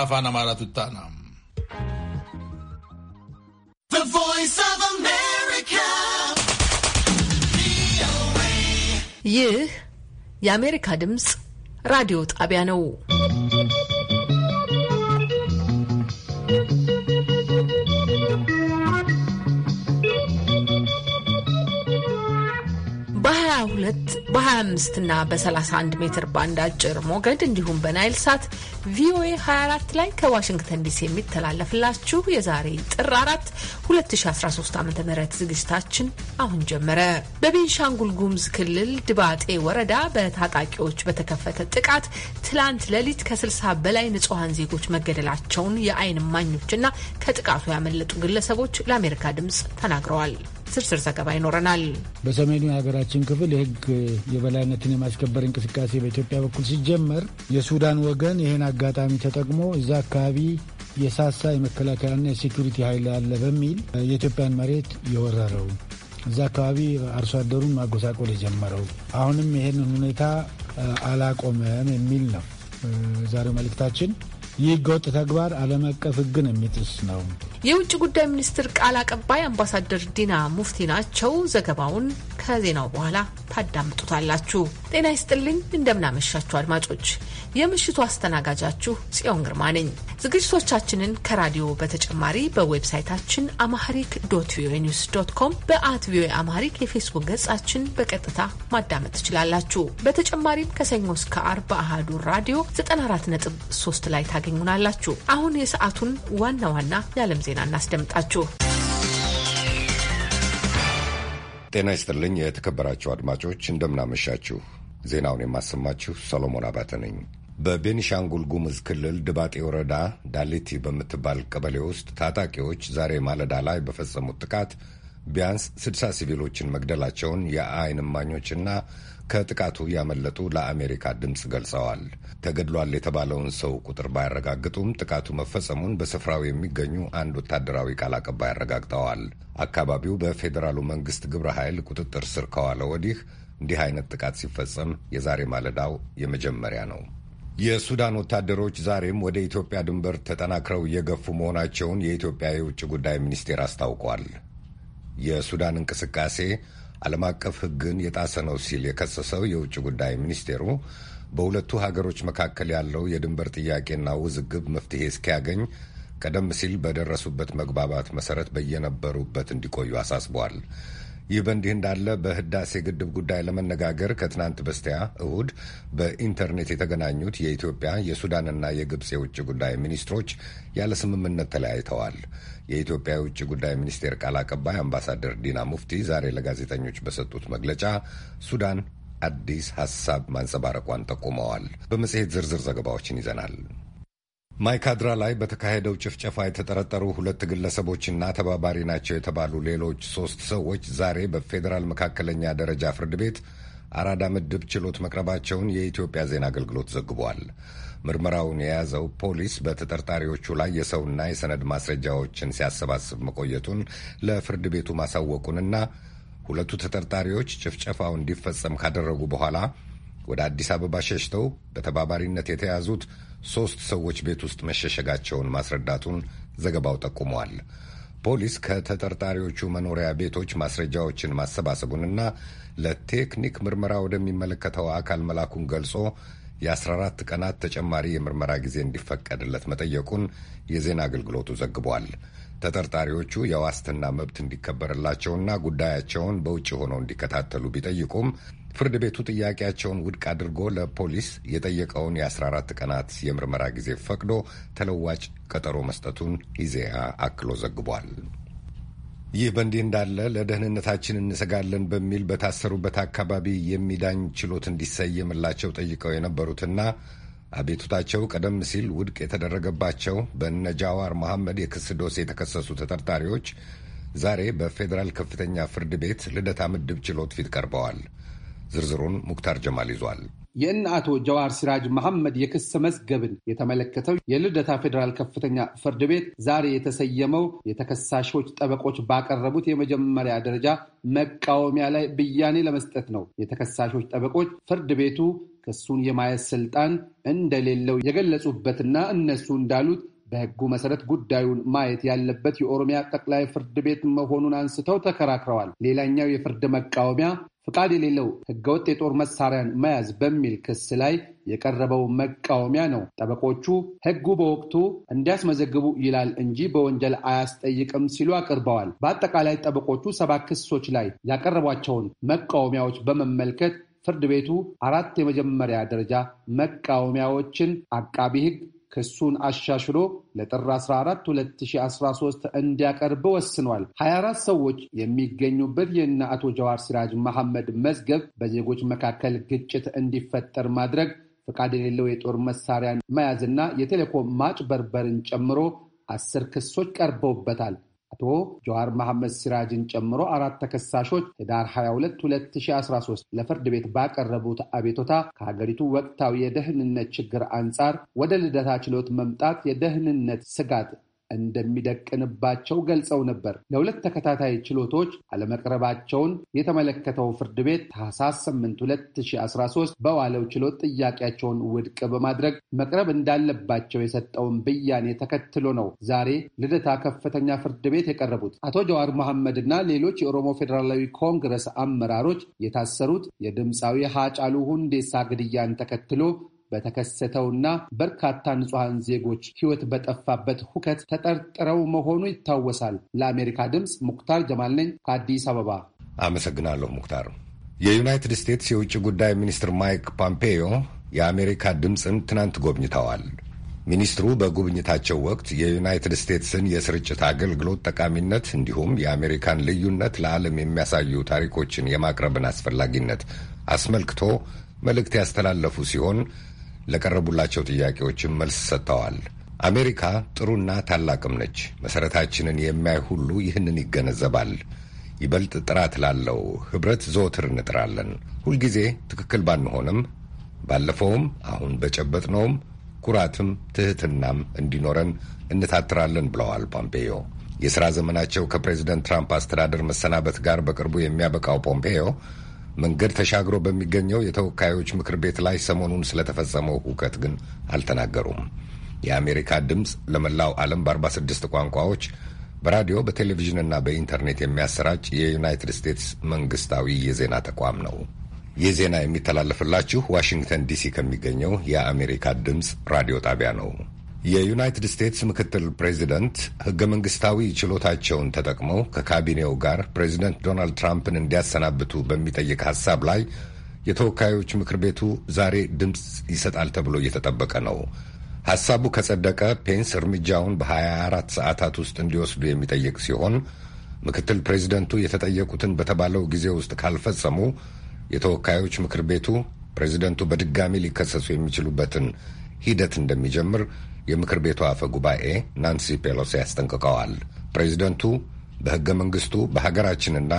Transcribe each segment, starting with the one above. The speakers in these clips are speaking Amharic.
አፋን አማራ ቱታና ይህ የአሜሪካ ድምፅ ራዲዮ ጣቢያ ነው። በ በ25 እና በ31 ሜትር ባንድ አጭር ሞገድ እንዲሁም በናይል ሳት ቪኦኤ 24 ላይ ከዋሽንግተን ዲሲ የሚተላለፍላችሁ የዛሬ ጥር 4 2013 ዓ ም ዝግጅታችን አሁን ጀመረ። በቤንሻንጉል ጉሙዝ ክልል ድባጤ ወረዳ በታጣቂዎች በተከፈተ ጥቃት ትላንት ሌሊት ከ60 በላይ ንጹሐን ዜጎች መገደላቸውን የአይን እማኞችና ከጥቃቱ ያመለጡ ግለሰቦች ለአሜሪካ ድምፅ ተናግረዋል። ዝርዝር ዘገባ ይኖረናል። በሰሜኑ የሀገራችን ክፍል የህግ የበላይነትን የማስከበር እንቅስቃሴ በኢትዮጵያ በኩል ሲጀመር የሱዳን ወገን ይህን አጋጣሚ ተጠቅሞ እዛ አካባቢ የሳሳ የመከላከያና የሴኩሪቲ ኃይል አለ በሚል የኢትዮጵያን መሬት የወረረው እዛ አካባቢ አርሶ አደሩን ማጎሳቆል የጀመረው አሁንም ይህንን ሁኔታ አላቆመም የሚል ነው ዛሬው መልእክታችን። ይህ ህገወጥ ተግባር ዓለም አቀፍ ህግን የሚጥስ ነው። የውጭ ጉዳይ ሚኒስትር ቃል አቀባይ አምባሳደር ዲና ሙፍቲ ናቸው። ዘገባውን ከዜናው በኋላ ታዳምጡታላችሁ። ጤና ይስጥልኝ። እንደምናመሻችሁ አድማጮች፣ የምሽቱ አስተናጋጃችሁ ጽዮን ግርማ ነኝ። ዝግጅቶቻችንን ከራዲዮ በተጨማሪ በዌብሳይታችን አማህሪክ ዶት ቪኦኤ ኒውስ ዶት ኮም፣ በአት ቪኦኤ አማህሪክ የፌስቡክ ገጻችን በቀጥታ ማዳመጥ ትችላላችሁ። በተጨማሪም ከሰኞ እስከ አርብ አህዱ ራዲዮ 94.3 ላይ ታገኙናላችሁ። አሁን የሰዓቱን ዋና ዋና የዓለም ዜና እናስደምጣችሁ። ጤና ይስጥልኝ የተከበራችሁ አድማጮች እንደምናመሻችሁ ዜናውን የማሰማችሁ ሰሎሞን አባተ ነኝ። በቤኒሻንጉል ጉሙዝ ክልል ድባጤ ወረዳ ዳሊቲ በምትባል ቀበሌ ውስጥ ታጣቂዎች ዛሬ ማለዳ ላይ በፈጸሙት ጥቃት ቢያንስ ስድሳ ሲቪሎችን መግደላቸውን የአይን እማኞችና ከጥቃቱ ያመለጡ ለአሜሪካ ድምፅ ገልጸዋል። ተገድሏል የተባለውን ሰው ቁጥር ባያረጋግጡም ጥቃቱ መፈጸሙን በስፍራው የሚገኙ አንድ ወታደራዊ ቃል አቀባይ አረጋግጠዋል። አካባቢው በፌዴራሉ መንግስት ግብረ ኃይል ቁጥጥር ስር ከዋለ ወዲህ እንዲህ አይነት ጥቃት ሲፈጸም የዛሬ ማለዳው የመጀመሪያ ነው። የሱዳን ወታደሮች ዛሬም ወደ ኢትዮጵያ ድንበር ተጠናክረው እየገፉ መሆናቸውን የኢትዮጵያ የውጭ ጉዳይ ሚኒስቴር አስታውቋል። የሱዳን እንቅስቃሴ ዓለም አቀፍ ሕግን የጣሰ ነው ሲል የከሰሰው የውጭ ጉዳይ ሚኒስቴሩ በሁለቱ ሀገሮች መካከል ያለው የድንበር ጥያቄና ውዝግብ መፍትሄ እስኪያገኝ ቀደም ሲል በደረሱበት መግባባት መሰረት በየነበሩበት እንዲቆዩ አሳስበዋል። ይህ በእንዲህ እንዳለ በህዳሴ ግድብ ጉዳይ ለመነጋገር ከትናንት በስቲያ እሁድ በኢንተርኔት የተገናኙት የኢትዮጵያ የሱዳንና የግብፅ የውጭ ጉዳይ ሚኒስትሮች ያለ ስምምነት ተለያይተዋል። የኢትዮጵያ የውጭ ጉዳይ ሚኒስቴር ቃል አቀባይ አምባሳደር ዲና ሙፍቲ ዛሬ ለጋዜጠኞች በሰጡት መግለጫ ሱዳን አዲስ ሀሳብ ማንጸባረቋን ጠቁመዋል። በመጽሔት ዝርዝር ዘገባዎችን ይዘናል። ማይካድራ ላይ በተካሄደው ጭፍጨፋ የተጠረጠሩ ሁለት ግለሰቦችና ተባባሪ ናቸው የተባሉ ሌሎች ሶስት ሰዎች ዛሬ በፌዴራል መካከለኛ ደረጃ ፍርድ ቤት አራዳ ምድብ ችሎት መቅረባቸውን የኢትዮጵያ ዜና አገልግሎት ዘግቧል። ምርመራውን የያዘው ፖሊስ በተጠርጣሪዎቹ ላይ የሰውና የሰነድ ማስረጃዎችን ሲያሰባስብ መቆየቱን ለፍርድ ቤቱ ማሳወቁንና ሁለቱ ተጠርጣሪዎች ጭፍጨፋው እንዲፈጸም ካደረጉ በኋላ ወደ አዲስ አበባ ሸሽተው በተባባሪነት የተያዙት ሦስት ሰዎች ቤት ውስጥ መሸሸጋቸውን ማስረዳቱን ዘገባው ጠቁመዋል። ፖሊስ ከተጠርጣሪዎቹ መኖሪያ ቤቶች ማስረጃዎችን ማሰባሰቡንና ለቴክኒክ ምርመራ ወደሚመለከተው አካል መላኩን ገልጾ የ14 ቀናት ተጨማሪ የምርመራ ጊዜ እንዲፈቀድለት መጠየቁን የዜና አገልግሎቱ ዘግቧል። ተጠርጣሪዎቹ የዋስትና መብት እንዲከበርላቸውና ጉዳያቸውን በውጭ ሆነው እንዲከታተሉ ቢጠይቁም ፍርድ ቤቱ ጥያቄያቸውን ውድቅ አድርጎ ለፖሊስ የጠየቀውን የ14 ቀናት የምርመራ ጊዜ ፈቅዶ ተለዋጭ ቀጠሮ መስጠቱን ኢዜአ አክሎ ዘግቧል። ይህ በእንዲህ እንዳለ ለደህንነታችን እንሰጋለን በሚል በታሰሩበት አካባቢ የሚዳኝ ችሎት እንዲሰየምላቸው ጠይቀው የነበሩትና አቤቱታቸው ቀደም ሲል ውድቅ የተደረገባቸው በነ ጃዋር መሐመድ የክስ ዶሴ የተከሰሱ ተጠርጣሪዎች ዛሬ በፌዴራል ከፍተኛ ፍርድ ቤት ልደታ ምድብ ችሎት ፊት ቀርበዋል። ዝርዝሩን ሙክታር ጀማል ይዟል። የእነ አቶ ጀዋር ሲራጅ መሐመድ የክስ መዝገብን የተመለከተው የልደታ ፌዴራል ከፍተኛ ፍርድ ቤት ዛሬ የተሰየመው የተከሳሾች ጠበቆች ባቀረቡት የመጀመሪያ ደረጃ መቃወሚያ ላይ ብያኔ ለመስጠት ነው። የተከሳሾች ጠበቆች ፍርድ ቤቱ ክሱን የማየት ስልጣን እንደሌለው የገለጹበትና እነሱ እንዳሉት በሕጉ መሰረት ጉዳዩን ማየት ያለበት የኦሮሚያ ጠቅላይ ፍርድ ቤት መሆኑን አንስተው ተከራክረዋል። ሌላኛው የፍርድ መቃወሚያ ፍቃድ የሌለው ሕገወጥ የጦር መሳሪያን መያዝ በሚል ክስ ላይ የቀረበው መቃወሚያ ነው። ጠበቆቹ ሕጉ በወቅቱ እንዲያስመዘግቡ ይላል እንጂ በወንጀል አያስጠይቅም ሲሉ አቅርበዋል። በአጠቃላይ ጠበቆቹ ሰባ ክሶች ላይ ያቀረቧቸውን መቃወሚያዎች በመመልከት ፍርድ ቤቱ አራት የመጀመሪያ ደረጃ መቃወሚያዎችን አቃቢ ሕግ ክሱን አሻሽሎ ለጥር 14 2013 እንዲያቀርብ ወስኗል። 24 ሰዎች የሚገኙበት የእነ አቶ ጀዋር ሲራጅ መሐመድ መዝገብ በዜጎች መካከል ግጭት እንዲፈጠር ማድረግ፣ ፈቃድ የሌለው የጦር መሳሪያን መያዝና የቴሌኮም ማጭበርበርን ጨምሮ አስር ክሶች ቀርበውበታል። አቶ ጀዋር መሐመድ ሲራጅን ጨምሮ አራት ተከሳሾች ህዳር 22 2013 ለፍርድ ቤት ባቀረቡት አቤቶታ ከሀገሪቱ ወቅታዊ የደህንነት ችግር አንጻር ወደ ልደታ ችሎት መምጣት የደህንነት ስጋት እንደሚደቅንባቸው ገልጸው ነበር። ለሁለት ተከታታይ ችሎቶች አለመቅረባቸውን የተመለከተው ፍርድ ቤት ታህሳስ 8 2013 በዋለው ችሎት ጥያቄያቸውን ውድቅ በማድረግ መቅረብ እንዳለባቸው የሰጠውን ብያኔ ተከትሎ ነው ዛሬ ልደታ ከፍተኛ ፍርድ ቤት የቀረቡት። አቶ ጀዋር መሐመድ እና ሌሎች የኦሮሞ ፌዴራላዊ ኮንግረስ አመራሮች የታሰሩት የድምፃዊ ሀጫሉ ሁንዴሳ ግድያን ተከትሎ በተከሰተውና በርካታ ንጹሐን ዜጎች ሕይወት በጠፋበት ሁከት ተጠርጥረው መሆኑ ይታወሳል። ለአሜሪካ ድምፅ ሙክታር ጀማል ነኝ ከአዲስ አበባ። አመሰግናለሁ ሙክታር። የዩናይትድ ስቴትስ የውጭ ጉዳይ ሚኒስትር ማይክ ፖምፔዮ የአሜሪካ ድምፅን ትናንት ጎብኝተዋል። ሚኒስትሩ በጉብኝታቸው ወቅት የዩናይትድ ስቴትስን የስርጭት አገልግሎት ጠቃሚነት እንዲሁም የአሜሪካን ልዩነት ለዓለም የሚያሳዩ ታሪኮችን የማቅረብን አስፈላጊነት አስመልክቶ መልእክት ያስተላለፉ ሲሆን ለቀረቡላቸው ጥያቄዎችም መልስ ሰጥተዋል። አሜሪካ ጥሩና ታላቅም ነች። መሠረታችንን የሚያይ ሁሉ ይህንን ይገነዘባል። ይበልጥ ጥራት ላለው ኅብረት ዘወትር እንጥራለን። ሁልጊዜ ትክክል ባንሆንም፣ ባለፈውም አሁን በጨበጥነውም ኩራትም ትሕትናም እንዲኖረን እንታትራለን ብለዋል ፖምፔዮ። የሥራ ዘመናቸው ከፕሬዚደንት ትራምፕ አስተዳደር መሰናበት ጋር በቅርቡ የሚያበቃው ፖምፔዮ መንገድ ተሻግሮ በሚገኘው የተወካዮች ምክር ቤት ላይ ሰሞኑን ስለተፈጸመው ሁከት ግን አልተናገሩም። የአሜሪካ ድምፅ ለመላው ዓለም በ46 ቋንቋዎች በራዲዮ በቴሌቪዥንና በኢንተርኔት የሚያሰራጭ የዩናይትድ ስቴትስ መንግስታዊ የዜና ተቋም ነው። ይህ ዜና የሚተላለፍላችሁ ዋሽንግተን ዲሲ ከሚገኘው የአሜሪካ ድምፅ ራዲዮ ጣቢያ ነው። የዩናይትድ ስቴትስ ምክትል ፕሬዚደንት ህገ መንግስታዊ ችሎታቸውን ተጠቅመው ከካቢኔው ጋር ፕሬዚደንት ዶናልድ ትራምፕን እንዲያሰናብቱ በሚጠይቅ ሀሳብ ላይ የተወካዮች ምክር ቤቱ ዛሬ ድምፅ ይሰጣል ተብሎ እየተጠበቀ ነው። ሀሳቡ ከጸደቀ ፔንስ እርምጃውን በ24 ሰዓታት ውስጥ እንዲወስዱ የሚጠይቅ ሲሆን ምክትል ፕሬዚደንቱ የተጠየቁትን በተባለው ጊዜ ውስጥ ካልፈጸሙ የተወካዮች ምክር ቤቱ ፕሬዚደንቱ በድጋሚ ሊከሰሱ የሚችሉበትን ሂደት እንደሚጀምር የምክር ቤቱ አፈ ጉባኤ ናንሲ ፔሎሲ አስጠንቅቀዋል። ፕሬዚደንቱ በሕገ መንግሥቱ በሀገራችንና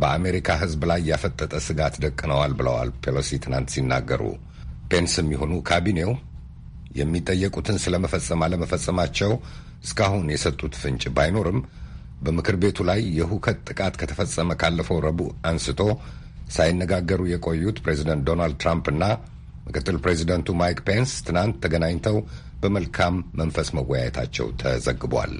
በአሜሪካ ሕዝብ ላይ ያፈጠጠ ስጋት ደቅነዋል ብለዋል ፔሎሲ ትናንት ሲናገሩ። ፔንስም ይሁኑ ካቢኔው የሚጠየቁትን ስለመፈጸም አለመፈጸማቸው እስካሁን የሰጡት ፍንጭ ባይኖርም በምክር ቤቱ ላይ የሁከት ጥቃት ከተፈጸመ ካለፈው ረቡዕ አንስቶ ሳይነጋገሩ የቆዩት ፕሬዚደንት ዶናልድ ትራምፕ እና ምክትል ፕሬዚደንቱ ማይክ ፔንስ ትናንት ተገናኝተው በመልካም መንፈስ መወያየታቸው ተዘግቧል።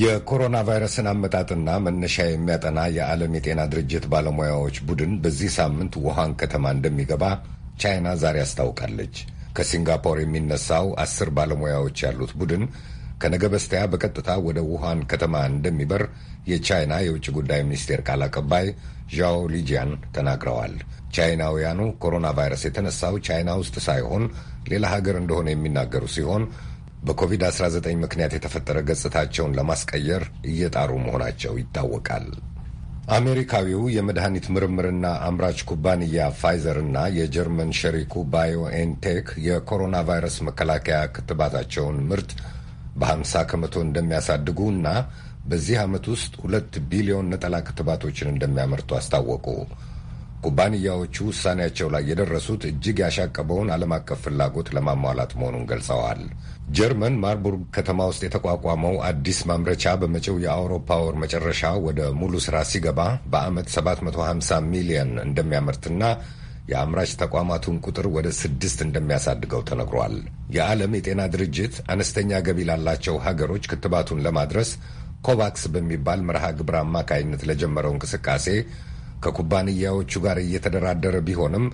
የኮሮና ቫይረስን አመጣጥና መነሻ የሚያጠና የዓለም የጤና ድርጅት ባለሙያዎች ቡድን በዚህ ሳምንት ውሃን ከተማ እንደሚገባ ቻይና ዛሬ አስታውቃለች። ከሲንጋፖር የሚነሳው አስር ባለሙያዎች ያሉት ቡድን ከነገ በስቲያ በቀጥታ ወደ ውሃን ከተማ እንደሚበር የቻይና የውጭ ጉዳይ ሚኒስቴር ቃል አቀባይ ዣኦ ሊጂያን ተናግረዋል። ቻይናውያኑ ኮሮና ቫይረስ የተነሳው ቻይና ውስጥ ሳይሆን ሌላ ሀገር እንደሆነ የሚናገሩ ሲሆን በኮቪድ-19 ምክንያት የተፈጠረ ገጽታቸውን ለማስቀየር እየጣሩ መሆናቸው ይታወቃል። አሜሪካዊው የመድኃኒት ምርምርና አምራች ኩባንያ ፋይዘር እና የጀርመን ሸሪኩ ባዮኤንቴክ የኮሮና ቫይረስ መከላከያ ክትባታቸውን ምርት በ50 ከመቶ እንደሚያሳድጉ እና በዚህ ዓመት ውስጥ ሁለት ቢሊዮን ነጠላ ክትባቶችን እንደሚያመርቱ አስታወቁ። ኩባንያዎቹ ውሳኔያቸው ላይ የደረሱት እጅግ ያሻቀበውን ዓለም አቀፍ ፍላጎት ለማሟላት መሆኑን ገልጸዋል። ጀርመን ማርቡርግ ከተማ ውስጥ የተቋቋመው አዲስ ማምረቻ በመጪው የአውሮፓ ወር መጨረሻ ወደ ሙሉ ስራ ሲገባ በዓመት 750 ሚሊዮን እንደሚያመርትና የአምራች ተቋማቱን ቁጥር ወደ ስድስት እንደሚያሳድገው ተነግሯል። የዓለም የጤና ድርጅት አነስተኛ ገቢ ላላቸው ሀገሮች ክትባቱን ለማድረስ ኮቫክስ በሚባል መርሃ ግብር አማካይነት ለጀመረው እንቅስቃሴ ከኩባንያዎቹ ጋር እየተደራደረ ቢሆንም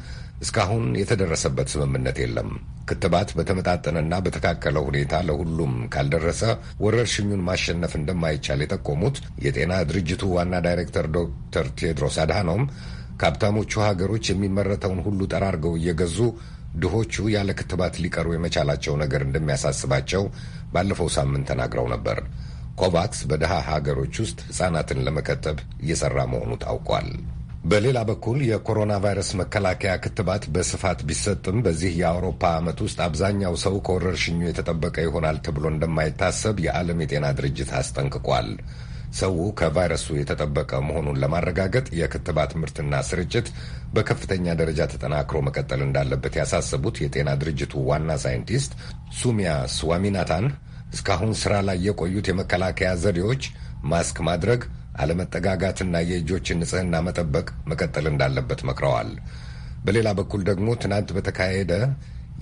እስካሁን የተደረሰበት ስምምነት የለም። ክትባት በተመጣጠነና በተካከለ ሁኔታ ለሁሉም ካልደረሰ ወረርሽኙን ማሸነፍ እንደማይቻል የጠቆሙት የጤና ድርጅቱ ዋና ዳይሬክተር ዶክተር ቴድሮስ አድሃኖም ከሀብታሞቹ ሀገሮች የሚመረተውን ሁሉ ጠራርገው እየገዙ ድሆቹ ያለ ክትባት ሊቀሩ የመቻላቸው ነገር እንደሚያሳስባቸው ባለፈው ሳምንት ተናግረው ነበር። ኮቫክስ በድሃ ሀገሮች ውስጥ ሕፃናትን ለመከተብ እየሰራ መሆኑ ታውቋል። በሌላ በኩል የኮሮና ቫይረስ መከላከያ ክትባት በስፋት ቢሰጥም በዚህ የአውሮፓ ዓመት ውስጥ አብዛኛው ሰው ከወረርሽኙ የተጠበቀ ይሆናል ተብሎ እንደማይታሰብ የዓለም የጤና ድርጅት አስጠንቅቋል። ሰው ከቫይረሱ የተጠበቀ መሆኑን ለማረጋገጥ የክትባት ምርትና ስርጭት በከፍተኛ ደረጃ ተጠናክሮ መቀጠል እንዳለበት ያሳሰቡት የጤና ድርጅቱ ዋና ሳይንቲስት ሱሚያ ስዋሚናታን እስካሁን ስራ ላይ የቆዩት የመከላከያ ዘዴዎች ማስክ ማድረግ አለመጠጋጋትና የእጆችን ንጽህና መጠበቅ መቀጠል እንዳለበት መክረዋል። በሌላ በኩል ደግሞ ትናንት በተካሄደ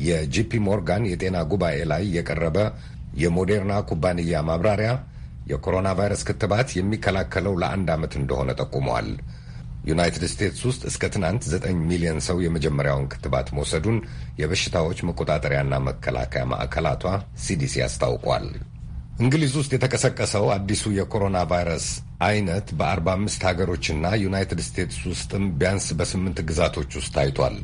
የጂፒ ሞርጋን የጤና ጉባኤ ላይ የቀረበ የሞዴርና ኩባንያ ማብራሪያ የኮሮና ቫይረስ ክትባት የሚከላከለው ለአንድ ዓመት እንደሆነ ጠቁመዋል። ዩናይትድ ስቴትስ ውስጥ እስከ ትናንት ዘጠኝ ሚሊዮን ሰው የመጀመሪያውን ክትባት መውሰዱን የበሽታዎች መቆጣጠሪያና መከላከያ ማዕከላቷ ሲዲሲ አስታውቋል። እንግሊዝ ውስጥ የተቀሰቀሰው አዲሱ የኮሮና ቫይረስ አይነት በ45 ሀገሮችና ዩናይትድ ስቴትስ ውስጥም ቢያንስ በስምንት ግዛቶች ውስጥ ታይቷል።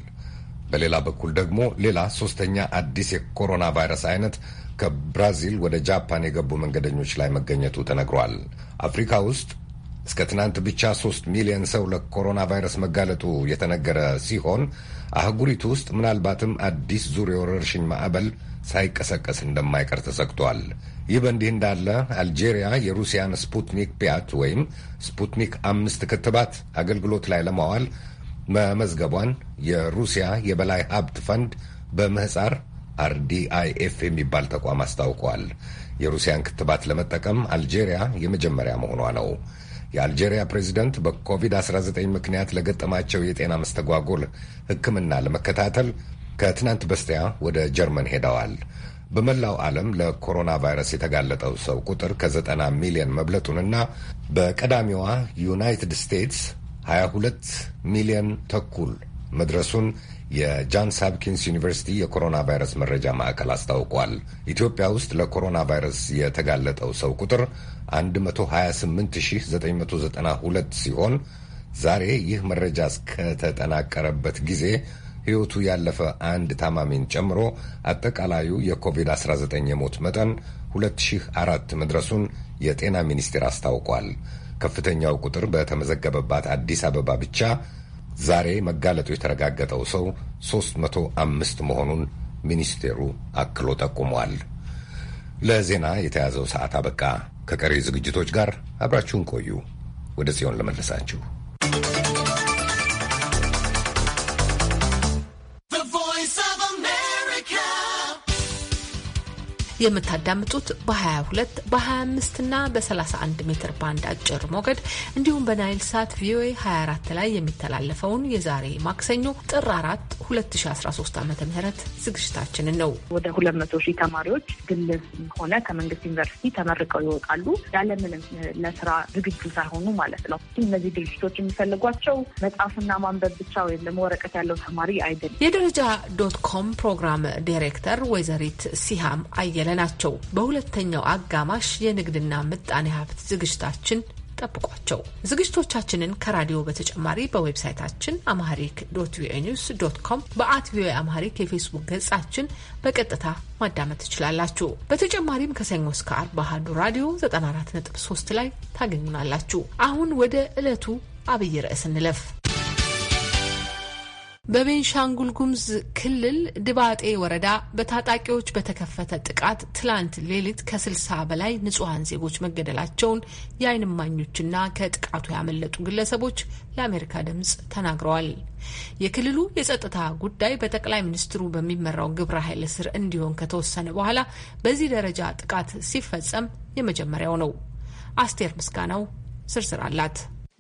በሌላ በኩል ደግሞ ሌላ ሶስተኛ አዲስ የኮሮና ቫይረስ አይነት ከብራዚል ወደ ጃፓን የገቡ መንገደኞች ላይ መገኘቱ ተነግሯል። አፍሪካ ውስጥ እስከ ትናንት ብቻ ሶስት ሚሊዮን ሰው ለኮሮና ቫይረስ መጋለጡ የተነገረ ሲሆን አህጉሪቱ ውስጥ ምናልባትም አዲስ ዙር የወረርሽኝ ማዕበል ሳይቀሰቀስ እንደማይቀር ተሰግቷል። ይህ በእንዲህ እንዳለ አልጄሪያ የሩሲያን ስፑትኒክ ፒያት ወይም ስፑትኒክ አምስት ክትባት አገልግሎት ላይ ለማዋል መመዝገቧን የሩሲያ የበላይ ሀብት ፈንድ በምህፃር አርዲአይኤፍ የሚባል ተቋም አስታውቋል። የሩሲያን ክትባት ለመጠቀም አልጄሪያ የመጀመሪያ መሆኗ ነው። የአልጄሪያ ፕሬዚደንት በኮቪድ-19 ምክንያት ለገጠማቸው የጤና መስተጓጎል ሕክምና ለመከታተል ከትናንት በስቲያ ወደ ጀርመን ሄደዋል። በመላው ዓለም ለኮሮና ቫይረስ የተጋለጠው ሰው ቁጥር ከዘጠና ሚሊዮን መብለጡንና በቀዳሚዋ ዩናይትድ ስቴትስ 22 ሚሊዮን ተኩል መድረሱን የጃንስ ሀፕኪንስ ዩኒቨርሲቲ የኮሮና ቫይረስ መረጃ ማዕከል አስታውቋል። ኢትዮጵያ ውስጥ ለኮሮና ቫይረስ የተጋለጠው ሰው ቁጥር 128992 ሲሆን ዛሬ ይህ መረጃ እስከተጠናቀረበት ጊዜ ሕይወቱ ያለፈ አንድ ታማሚን ጨምሮ አጠቃላዩ የኮቪድ-19 የሞት መጠን 2004 መድረሱን የጤና ሚኒስቴር አስታውቋል። ከፍተኛው ቁጥር በተመዘገበባት አዲስ አበባ ብቻ ዛሬ መጋለጡ የተረጋገጠው ሰው 305 መሆኑን ሚኒስቴሩ አክሎ ጠቁሟል። ለዜና የተያዘው ሰዓት አበቃ። ከቀሪ ዝግጅቶች ጋር አብራችሁን ቆዩ። ወደ ጽዮን ለመለሳችሁ የምታዳምጡት በ22 በ25 እና በ31 ሜትር ባንድ አጭር ሞገድ እንዲሁም በናይል ሳት ቪኦኤ 24 ላይ የሚተላለፈውን የዛሬ ማክሰኞ ጥር 4 2013 ዓ ም ዝግጅታችንን ነው። ወደ 200 ሺህ ተማሪዎች ግል ሆነ ከመንግስት ዩኒቨርሲቲ ተመርቀው ይወጣሉ ያለምንም ለስራ ዝግጁ ሳይሆኑ ማለት ነው። እነዚህ ድርጅቶች የሚፈልጓቸው መጽሐፍና ማንበብ ብቻ ወይም ደግሞ ወረቀት ያለው ተማሪ አይደለም። የደረጃ ዶት ኮም ፕሮግራም ዳይሬክተር ወይዘሪት ሲሃም አየለ ያማከለ ናቸው። በሁለተኛው አጋማሽ የንግድና ምጣኔ ሀብት ዝግጅታችን ጠብቋቸው። ዝግጅቶቻችንን ከራዲዮ በተጨማሪ በዌብሳይታችን አማሪክ ዶት ቪኦኤ ኒውስ ዶት ኮም በአት ቪኦኤ አማሪክ የፌስቡክ ገጻችን በቀጥታ ማዳመጥ ትችላላችሁ። በተጨማሪም ከሰኞ እስከ ዓርብ በአሀዱ ራዲዮ 94.3 ላይ ታገኙናላችሁ። አሁን ወደ ዕለቱ አብይ ርዕስ እንለፍ። በቤንሻንጉል ጉምዝ ክልል ድባጤ ወረዳ በታጣቂዎች በተከፈተ ጥቃት ትላንት ሌሊት ከ60 በላይ ንጹሐን ዜጎች መገደላቸውን የአይንማኞችና ከጥቃቱ ያመለጡ ግለሰቦች ለአሜሪካ ድምጽ ተናግረዋል። የክልሉ የጸጥታ ጉዳይ በጠቅላይ ሚኒስትሩ በሚመራው ግብረ ኃይል ስር እንዲሆን ከተወሰነ በኋላ በዚህ ደረጃ ጥቃት ሲፈጸም የመጀመሪያው ነው። አስቴር ምስጋናው ዝርዝር አላት።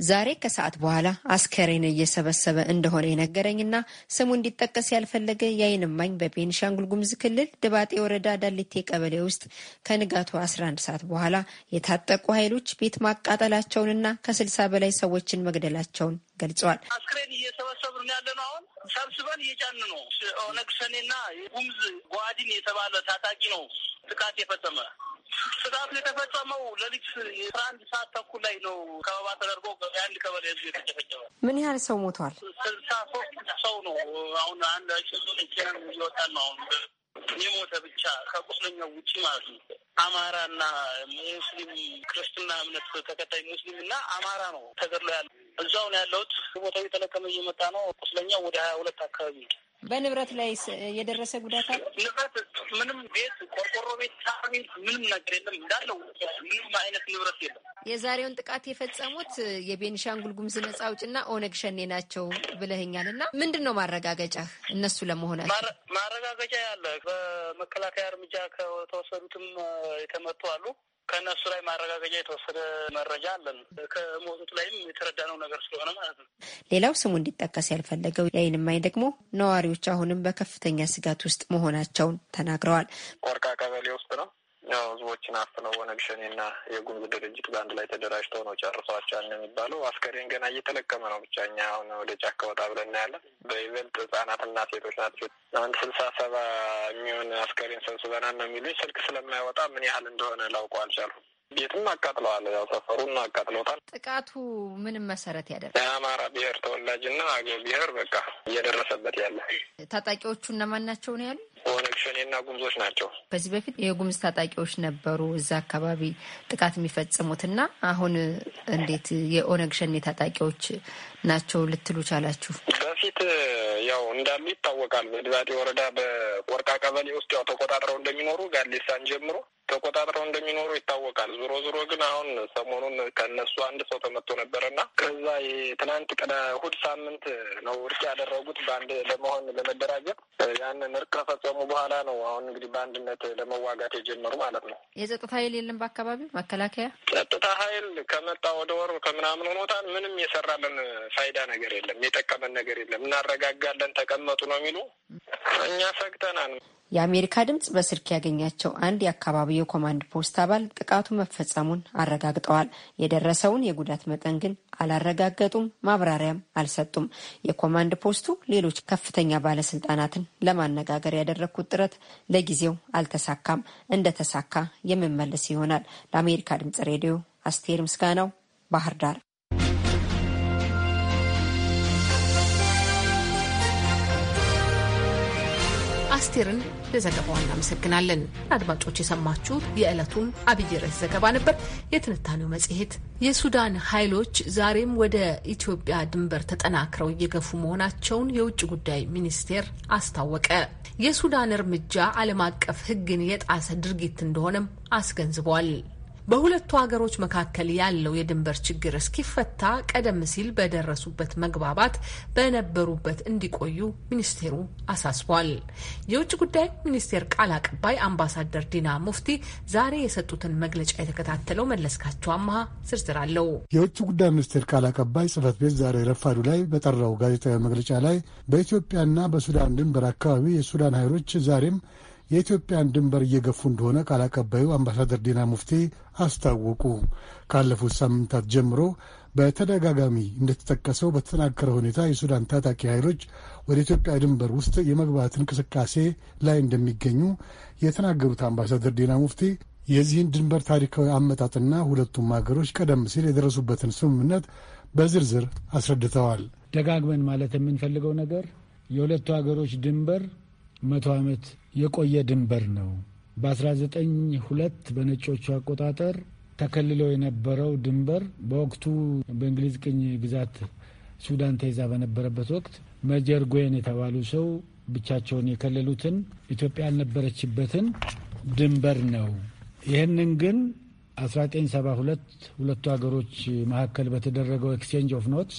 ዛሬ ከሰዓት በኋላ አስከሬን እየሰበሰበ እንደሆነ የነገረኝና ስሙ እንዲጠቀስ ያልፈለገ የአይንማኝ በቤንሻንጉል ጉምዝ ጉሙዝ ክልል ድባጤ ወረዳ ዳሊቴ ቀበሌ ውስጥ ከንጋቱ 11 ሰዓት በኋላ የታጠቁ ኃይሎች ቤት ማቃጠላቸውንና ከ60 በላይ ሰዎችን መግደላቸውን ገልጸዋል። አስክሬን እየሰበሰብ ነው ነው። አሁን ሰብስበን እየጫን ነው። ኦነግ ሸኔና ጉምዝ ጓድን የተባለ ታጣቂ ነው ጥቃት የፈጸመ ጥቃቱ የተፈጸመው ሌሊት አስራ አንድ ሰዓት ተኩል ላይ ነው። ከበባ ተደርጎ የአንድ ቀበሌ ህዝብ የተጨፈጨፈ። ምን ያህል ሰው ሞቷል? ስልሳ ሶስት ሰው ነው። አሁን አንድ ሽዞ ይወጣል ነው አሁን የሞተ ብቻ ከቁስለኛው ውጭ ማለት ነው። አማራና ሙስሊም ክርስትና እምነት ተከታይ ሙስሊም እና አማራ ነው ተገድሎ ያለ እዛውን ነው ያለሁት። ቦታው የተለቀመ እየመጣ ነው። ቁስለኛው ወደ ሀያ ሁለት አካባቢ በንብረት ላይ የደረሰ ጉዳት አለ? ንብረት ምንም ቤት፣ ቆርቆሮ ቤት፣ ምንም ነገር የለም እንዳለው ምንም አይነት ንብረት የለም። የዛሬውን ጥቃት የፈጸሙት የቤኒሻንጉል ጉምዝ ነጻ አውጭና ኦነግ ሸኔ ናቸው ብለህኛል እና ምንድን ነው ማረጋገጫ እነሱ ለመሆናቸው? ማረጋገጫ ያለ በመከላከያ እርምጃ ከተወሰዱትም የተመቱ አሉ ከእነሱ ላይ ማረጋገጫ የተወሰደ መረጃ አለን። ከሞቱት ላይም የተረዳነው ነገር ስለሆነ ማለት ነው። ሌላው ስሙ እንዲጠቀስ ያልፈለገው የአይን እማኝ ደግሞ ነዋሪዎች አሁንም በከፍተኛ ስጋት ውስጥ መሆናቸውን ተናግረዋል። ቆርቃ ቀበሌ ውስጥ ነው ያው ህዝቦችን አፍነው ኦነግ ሸኔና የጉምዝ ድርጅት በአንድ ላይ ተደራጅተው ነው ጨርሷቸዋል የሚባለው። አስከሬን ገና እየተለቀመ ነው። ብቻ እኛ አሁን ወደ ጫካ ወጣ ብለን እናያለን። በይበልጥ ህጻናትና ሴቶች ናቸው። አንድ ስልሳ ሰባ የሚሆን አስከሬን ሰብስበናል ነው የሚሉኝ። ስልክ ስለማይወጣ ምን ያህል እንደሆነ ላውቀው አልቻልኩም። ቤትም አቃጥለዋል። ያው ሰፈሩን አቃጥለውታል። ጥቃቱ ምንም መሰረት ያደርጋል? የአማራ ብሔር ተወላጅና አገው ብሔር በቃ እየደረሰበት ያለ ታጣቂዎቹ እነማን ናቸው ነው ያሉ? ኦነግ ሸኔና ጉምዞች ናቸው። ከዚህ በፊት የጉምዝ ታጣቂዎች ነበሩ እዛ አካባቢ ጥቃት የሚፈጽሙት እና አሁን እንዴት የኦነግ ሸኔ ታጣቂዎች ናቸው ልትሉ ቻላችሁ? በፊት ያው እንዳሉ ይታወቃል። በድባጤ ወረዳ በቆርቃ ቀበሌ ውስጥ ያው ተቆጣጥረው እንደሚኖሩ ጋሌሳን ጀምሮ ተቆጣጥረው እንደሚኖሩ ይታወቃል። ዞሮ ዞሮ ግን አሁን ሰሞኑን ከነሱ አንድ ሰው ተመቶ ነበረና ከዛ የትናንት ቀ እሁድ ሳምንት ነው እርቅ ያደረጉት በአንድ ለመሆን ለመደራጀት። ያንን እርቅ ከፈጸሙ በኋላ ነው አሁን እንግዲህ በአንድነት ለመዋጋት የጀመሩ ማለት ነው። የጸጥታ ኃይል የለም በአካባቢው መከላከያ ጸጥታ ኃይል ከመጣ ወደ ወር ከምናምን ሆኖታል። ምንም የሰራልን ፋይዳ ነገር የለም፣ የጠቀመን ነገር የለም። እናረጋጋለን ተቀመጡ ነው የሚሉ እኛ ሰግተናል። የአሜሪካ ድምጽ በስልክ ያገኛቸው አንድ የአካባቢው የኮማንድ ፖስት አባል ጥቃቱ መፈጸሙን አረጋግጠዋል። የደረሰውን የጉዳት መጠን ግን አላረጋገጡም፣ ማብራሪያም አልሰጡም። የኮማንድ ፖስቱ ሌሎች ከፍተኛ ባለስልጣናትን ለማነጋገር ያደረግኩት ጥረት ለጊዜው አልተሳካም። እንደተሳካ የምመልስ ይሆናል። ለአሜሪካ ድምጽ ሬዲዮ አስቴር ምስጋናው ባህር ዳር አስቴርን ለዘገባው እናመሰግናለን። አድማጮች የሰማችሁት የዕለቱን አብይ ርዕስ ዘገባ ነበር። የትንታኔው መጽሔት የሱዳን ኃይሎች ዛሬም ወደ ኢትዮጵያ ድንበር ተጠናክረው እየገፉ መሆናቸውን የውጭ ጉዳይ ሚኒስቴር አስታወቀ። የሱዳን እርምጃ ዓለም አቀፍ ሕግን የጣሰ ድርጊት እንደሆነም አስገንዝቧል። በሁለቱ ሀገሮች መካከል ያለው የድንበር ችግር እስኪፈታ ቀደም ሲል በደረሱበት መግባባት በነበሩበት እንዲቆዩ ሚኒስቴሩ አሳስቧል። የውጭ ጉዳይ ሚኒስቴር ቃል አቀባይ አምባሳደር ዲና ሙፍቲ ዛሬ የሰጡትን መግለጫ የተከታተለው መለስካቸው አመሃ ዝርዝር አለው። የውጭ ጉዳይ ሚኒስቴር ቃል አቀባይ ጽህፈት ቤት ዛሬ ረፋዱ ላይ በጠራው ጋዜጣዊ መግለጫ ላይ በኢትዮጵያና በሱዳን ድንበር አካባቢ የሱዳን ኃይሎች ዛሬም የኢትዮጵያን ድንበር እየገፉ እንደሆነ ቃል አቀባዩ አምባሳደር ዲና ሙፍቴ አስታወቁ። ካለፉት ሳምንታት ጀምሮ በተደጋጋሚ እንደተጠቀሰው በተጠናከረ ሁኔታ የሱዳን ታጣቂ ኃይሎች ወደ ኢትዮጵያ ድንበር ውስጥ የመግባት እንቅስቃሴ ላይ እንደሚገኙ የተናገሩት አምባሳደር ዲና ሙፍቲ የዚህን ድንበር ታሪካዊ አመጣጥና ሁለቱም ሀገሮች ቀደም ሲል የደረሱበትን ስምምነት በዝርዝር አስረድተዋል። ደጋግመን ማለት የምንፈልገው ነገር የሁለቱ ሀገሮች ድንበር መቶ ዓመት የቆየ ድንበር ነው። በ1902 በነጮቹ አቆጣጠር ተከልሎ የነበረው ድንበር በወቅቱ በእንግሊዝ ቅኝ ግዛት ሱዳን ተይዛ በነበረበት ወቅት መጀር ጎየን የተባሉ ሰው ብቻቸውን የከለሉትን ኢትዮጵያ ያልነበረችበትን ድንበር ነው። ይህንን ግን 1972 ሁለቱ ሀገሮች መካከል በተደረገው ኤክስቼንጅ ኦፍ ኖትስ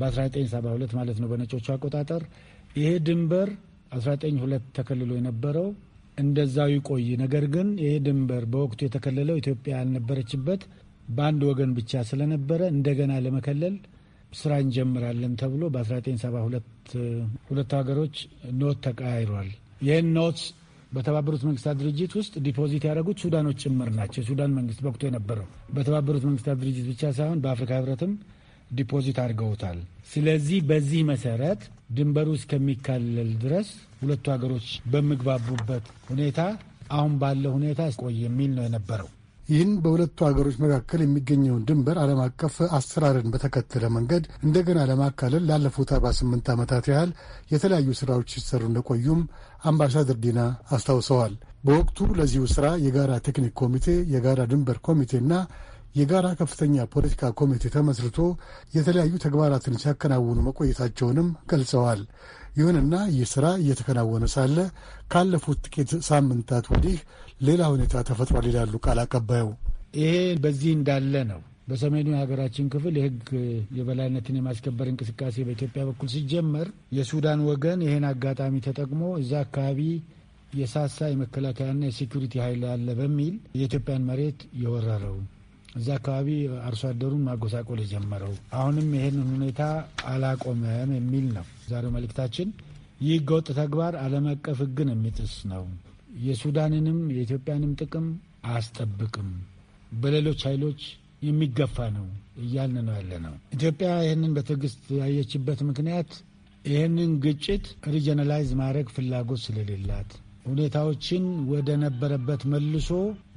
በ1972 ማለት ነው በነጮቹ አቆጣጠር ይሄ ድንበር 19 ሁለት ተከልሎ የነበረው እንደዛው ይቆይ። ነገር ግን ይህ ድንበር በወቅቱ የተከለለው ኢትዮጵያ ያልነበረችበት በአንድ ወገን ብቻ ስለነበረ እንደገና ለመከለል ስራ እንጀምራለን ተብሎ በ1972 ሁለቱ ሀገሮች ኖት ተቃይሯል። ይህን ኖት በተባበሩት መንግስታት ድርጅት ውስጥ ዲፖዚት ያደረጉት ሱዳኖች ጭምር ናቸው። ሱዳን መንግስት በወቅቱ የነበረው በተባበሩት መንግስታት ድርጅት ብቻ ሳይሆን በአፍሪካ ህብረትም ዲፖዚት አድርገውታል። ስለዚህ በዚህ መሰረት ድንበሩ እስከሚካለል ድረስ ሁለቱ ሀገሮች በሚግባቡበት ሁኔታ አሁን ባለው ሁኔታ ቆይ የሚል ነው የነበረው። ይህን በሁለቱ ሀገሮች መካከል የሚገኘውን ድንበር ዓለም አቀፍ አሰራርን በተከተለ መንገድ እንደገና ለማካለል ላለፉት 48 ዓመታት ያህል የተለያዩ ስራዎች ሲሰሩ እንደቆዩም አምባሳደር ዲና አስታውሰዋል። በወቅቱ ለዚሁ ስራ የጋራ ቴክኒክ ኮሚቴ፣ የጋራ ድንበር ኮሚቴና የጋራ ከፍተኛ ፖለቲካ ኮሚቴ ተመስርቶ የተለያዩ ተግባራትን ሲያከናውኑ መቆየታቸውንም ገልጸዋል። ይሁንና ይህ ሥራ እየተከናወነ ሳለ ካለፉት ጥቂት ሳምንታት ወዲህ ሌላ ሁኔታ ተፈጥሯል ይላሉ ቃል አቀባዩ። ይሄ በዚህ እንዳለ ነው። በሰሜኑ የሀገራችን ክፍል የሕግ የበላይነትን የማስከበር እንቅስቃሴ በኢትዮጵያ በኩል ሲጀመር የሱዳን ወገን ይህን አጋጣሚ ተጠቅሞ እዛ አካባቢ የሳሳ የመከላከያና የሴኩሪቲ ኃይል አለ በሚል የኢትዮጵያን መሬት የወረረው እዛ አካባቢ አርሶ አደሩን ማጎሳቆል የጀመረው። አሁንም ይህን ሁኔታ አላቆመም የሚል ነው ዛሬው መልእክታችን። ይህ ህገወጥ ተግባር ዓለም አቀፍ ህግን የሚጥስ ነው። የሱዳንንም የኢትዮጵያንም ጥቅም አያስጠብቅም። በሌሎች ኃይሎች የሚገፋ ነው እያልን ነው ያለ ነው። ኢትዮጵያ ይህንን በትዕግስት ያየችበት ምክንያት ይህንን ግጭት ሪጀናላይዝ ማድረግ ፍላጎት ስለሌላት ሁኔታዎችን ወደ ነበረበት መልሶ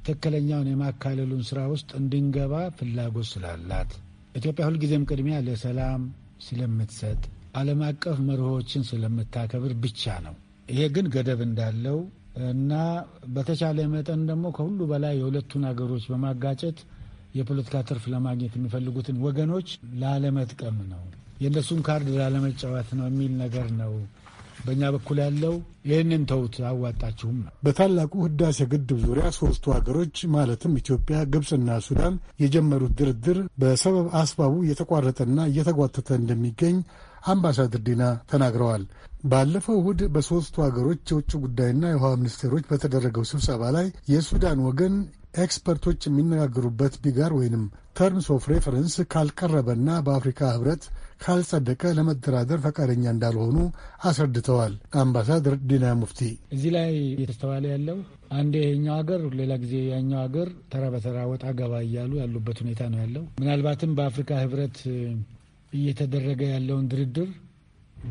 ትክክለኛውን የማካለሉን ስራ ውስጥ እንድንገባ ፍላጎት ስላላት ኢትዮጵያ ሁልጊዜም ቅድሚያ ለሰላም ስለምትሰጥ ዓለም አቀፍ መርሆችን ስለምታከብር ብቻ ነው። ይሄ ግን ገደብ እንዳለው እና በተቻለ መጠን ደግሞ ከሁሉ በላይ የሁለቱን ሀገሮች በማጋጨት የፖለቲካ ትርፍ ለማግኘት የሚፈልጉትን ወገኖች ላለመጥቀም ነው፣ የእነሱን ካርድ ላለመጫወት ነው የሚል ነገር ነው በእኛ በኩል ያለው ይህንን ተውት አዋጣችሁም ነው። በታላቁ ህዳሴ ግድብ ዙሪያ ሶስቱ ሀገሮች ማለትም ኢትዮጵያ፣ ግብፅና ሱዳን የጀመሩት ድርድር በሰበብ አስባቡ እየተቋረጠና እየተጓተተ እንደሚገኝ አምባሳደር ዲና ተናግረዋል። ባለፈው እሁድ በሦስቱ ሀገሮች የውጭ ጉዳይና የውሃ ሚኒስቴሮች በተደረገው ስብሰባ ላይ የሱዳን ወገን ኤክስፐርቶች የሚነጋገሩበት ቢጋር ወይንም ተርምስ ኦፍ ሬፈረንስ ካልቀረበና በአፍሪካ ህብረት ካልጸደቀ ለመደራደር ፈቃደኛ እንዳልሆኑ አስረድተዋል። አምባሳደር ዲና ሙፍቲ እዚህ ላይ እየተስተዋለ ያለው አንድ ይሄኛው ሀገር ሌላ ጊዜ ያኛው ሀገር ተራ በተራ ወጣ ገባ እያሉ ያሉበት ሁኔታ ነው ያለው። ምናልባትም በአፍሪካ ህብረት እየተደረገ ያለውን ድርድር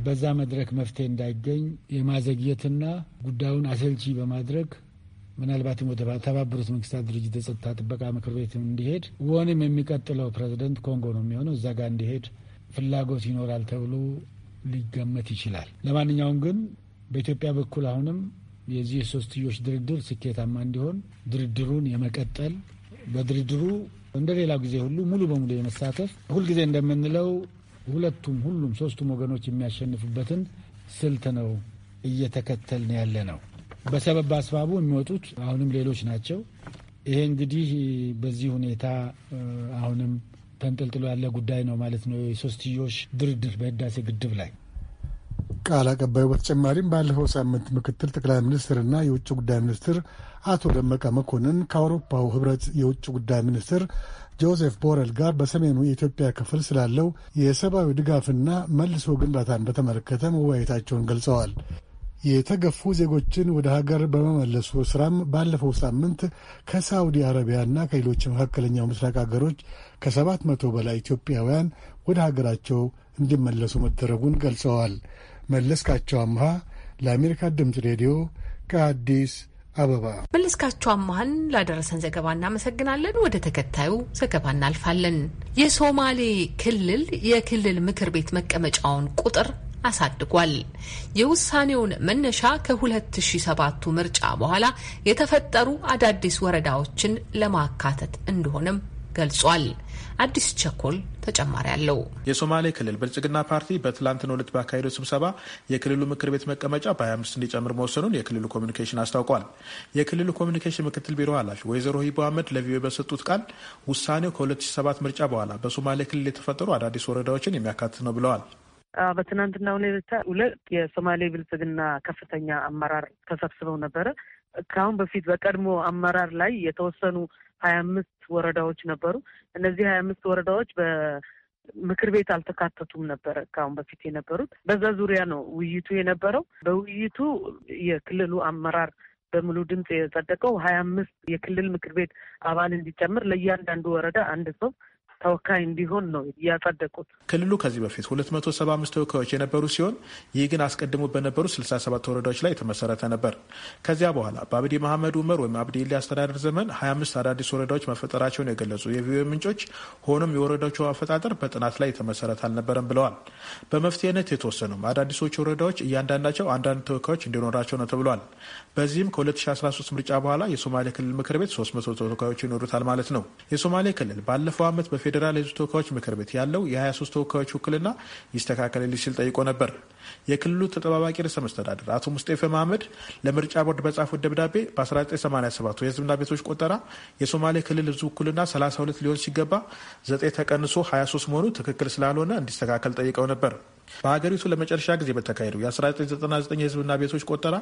በዛ መድረክ መፍትሄ እንዳይገኝ የማዘግየትና ጉዳዩን አሰልቺ በማድረግ ምናልባትም ወደ ተባበሩት መንግስታት ድርጅት የጸጥታ ጥበቃ ምክር ቤት እንዲሄድ ወንም የሚቀጥለው ፕሬዚደንት ኮንጎ ነው የሚሆነው እዛ ጋር እንዲሄድ ፍላጎት ይኖራል ተብሎ ሊገመት ይችላል። ለማንኛውም ግን በኢትዮጵያ በኩል አሁንም የዚህ የሶስትዮሽ ድርድር ስኬታማ እንዲሆን ድርድሩን የመቀጠል በድርድሩ እንደ ሌላው ጊዜ ሁሉ ሙሉ በሙሉ የመሳተፍ ሁልጊዜ እንደምንለው ሁለቱም ሁሉም ሶስቱም ወገኖች የሚያሸንፉበትን ስልት ነው እየተከተልን ያለ ነው። በሰበብ በአስባቡ የሚወጡት አሁንም ሌሎች ናቸው። ይሄ እንግዲህ በዚህ ሁኔታ አሁንም ተንጠልጥሎ ያለ ጉዳይ ነው ማለት ነው። የሶስትዮሽ ድርድር በህዳሴ ግድብ ላይ ቃል አቀባዩ በተጨማሪም ባለፈው ሳምንት ምክትል ጠቅላይ ሚኒስትርና የውጭ ጉዳይ ሚኒስትር አቶ ደመቀ መኮንን ከአውሮፓው ህብረት የውጭ ጉዳይ ሚኒስትር ጆሴፍ ቦረል ጋር በሰሜኑ የኢትዮጵያ ክፍል ስላለው የሰብአዊ ድጋፍና መልሶ ግንባታን በተመለከተ መወያየታቸውን ገልጸዋል። የተገፉ ዜጎችን ወደ ሀገር በመመለሱ ስራም ባለፈው ሳምንት ከሳዑዲ አረቢያና ከሌሎች መካከለኛው ምስራቅ ሀገሮች ከሰባት መቶ በላይ ኢትዮጵያውያን ወደ ሀገራቸው እንዲመለሱ መደረጉን ገልጸዋል። መለስካቸው አምሃ ለአሜሪካ ድምፅ ሬዲዮ ከአዲስ አበባ። መለስካቸው አምሃን ላደረሰን ዘገባ እናመሰግናለን። ወደ ተከታዩ ዘገባ እናልፋለን። የሶማሌ ክልል የክልል ምክር ቤት መቀመጫውን ቁጥር አሳድጓል። የውሳኔውን መነሻ ከ2007 ምርጫ በኋላ የተፈጠሩ አዳዲስ ወረዳዎችን ለማካተት እንደሆነም ገልጿል። አዲስ ቸኮል ተጨማሪ አለው። የሶማሌ ክልል ብልጽግና ፓርቲ በትላንትናው ዕለት ባካሄደው ስብሰባ የክልሉ ምክር ቤት መቀመጫ በ25 እንዲጨምር መወሰኑን የክልሉ ኮሚኒኬሽን አስታውቋል። የክልሉ ኮሚኒኬሽን ምክትል ቢሮ ኃላፊ ወይዘሮ ሂቦ አህመድ ለቪኦኤ በሰጡት ቃል ውሳኔው ከ2007 ምርጫ በኋላ በሶማሌ ክልል የተፈጠሩ አዳዲስ ወረዳዎችን የሚያካትት ነው ብለዋል። በትናንትና ብቻ ሁለት የሶማሌ ብልጽግና ከፍተኛ አመራር ተሰብስበው ነበረ። ከአሁን በፊት በቀድሞ አመራር ላይ የተወሰኑ ሀያ አምስት ወረዳዎች ነበሩ። እነዚህ ሀያ አምስት ወረዳዎች በምክር ቤት አልተካተቱም ነበረ ከአሁን በፊት የነበሩት። በዛ ዙሪያ ነው ውይይቱ የነበረው። በውይይቱ የክልሉ አመራር በሙሉ ድምፅ የጸደቀው ሀያ አምስት የክልል ምክር ቤት አባል እንዲጨምር ለእያንዳንዱ ወረዳ አንድ ሰው ተወካይ እንዲሆን ነው ያጸደቁት። ክልሉ ከዚህ በፊት ሁለት መቶ ሰባ አምስት ተወካዮች የነበሩ ሲሆን ይህ ግን አስቀድሞ በነበሩ ስልሳ ሰባት ወረዳዎች ላይ የተመሰረተ ነበር። ከዚያ በኋላ በአብዲ መሐመድ ኡመር ወይም አብዲ ኢሌ አስተዳደር ዘመን ሀያ አምስት አዳዲስ ወረዳዎች መፈጠራቸውን የገለጹ የቪኦኤ ምንጮች ሆኖም የወረዳዎቹ አፈጣጠር በጥናት ላይ የተመሰረተ አልነበረም ብለዋል። በመፍትሄነት የተወሰኑም አዳዲሶቹ ወረዳዎች እያንዳንዳቸው አንዳንድ ተወካዮች እንዲኖራቸው ነው ተብሏል። በዚህም ከ2013 ምርጫ በኋላ የሶማሌ ክልል ምክር ቤት 300 ተወካዮች ይኖሩታል ማለት ነው። የሶማሌ ክልል ባለፈው ዓመት በፌዴራል የህዝብ ተወካዮች ምክር ቤት ያለው የ23 ተወካዮች ውክልና ይስተካከልልኝ ሲል ጠይቆ ነበር። የክልሉ ተጠባባቂ ርዕሰ መስተዳድር አቶ ሙስጤፈ መሀመድ ለምርጫ ቦርድ በጻፉት ደብዳቤ በ1987 የህዝብና ቤቶች ቆጠራ የሶማሌ ክልል ህዝብ ውክልና 32 ሊሆን ሲገባ 9 ተቀንሶ 23 መሆኑ ትክክል ስላልሆነ እንዲስተካከል ጠይቀው ነበር። በሀገሪቱ ለመጨረሻ ጊዜ በተካሄደው የ1999 የህዝብና ቤቶች ቆጠራ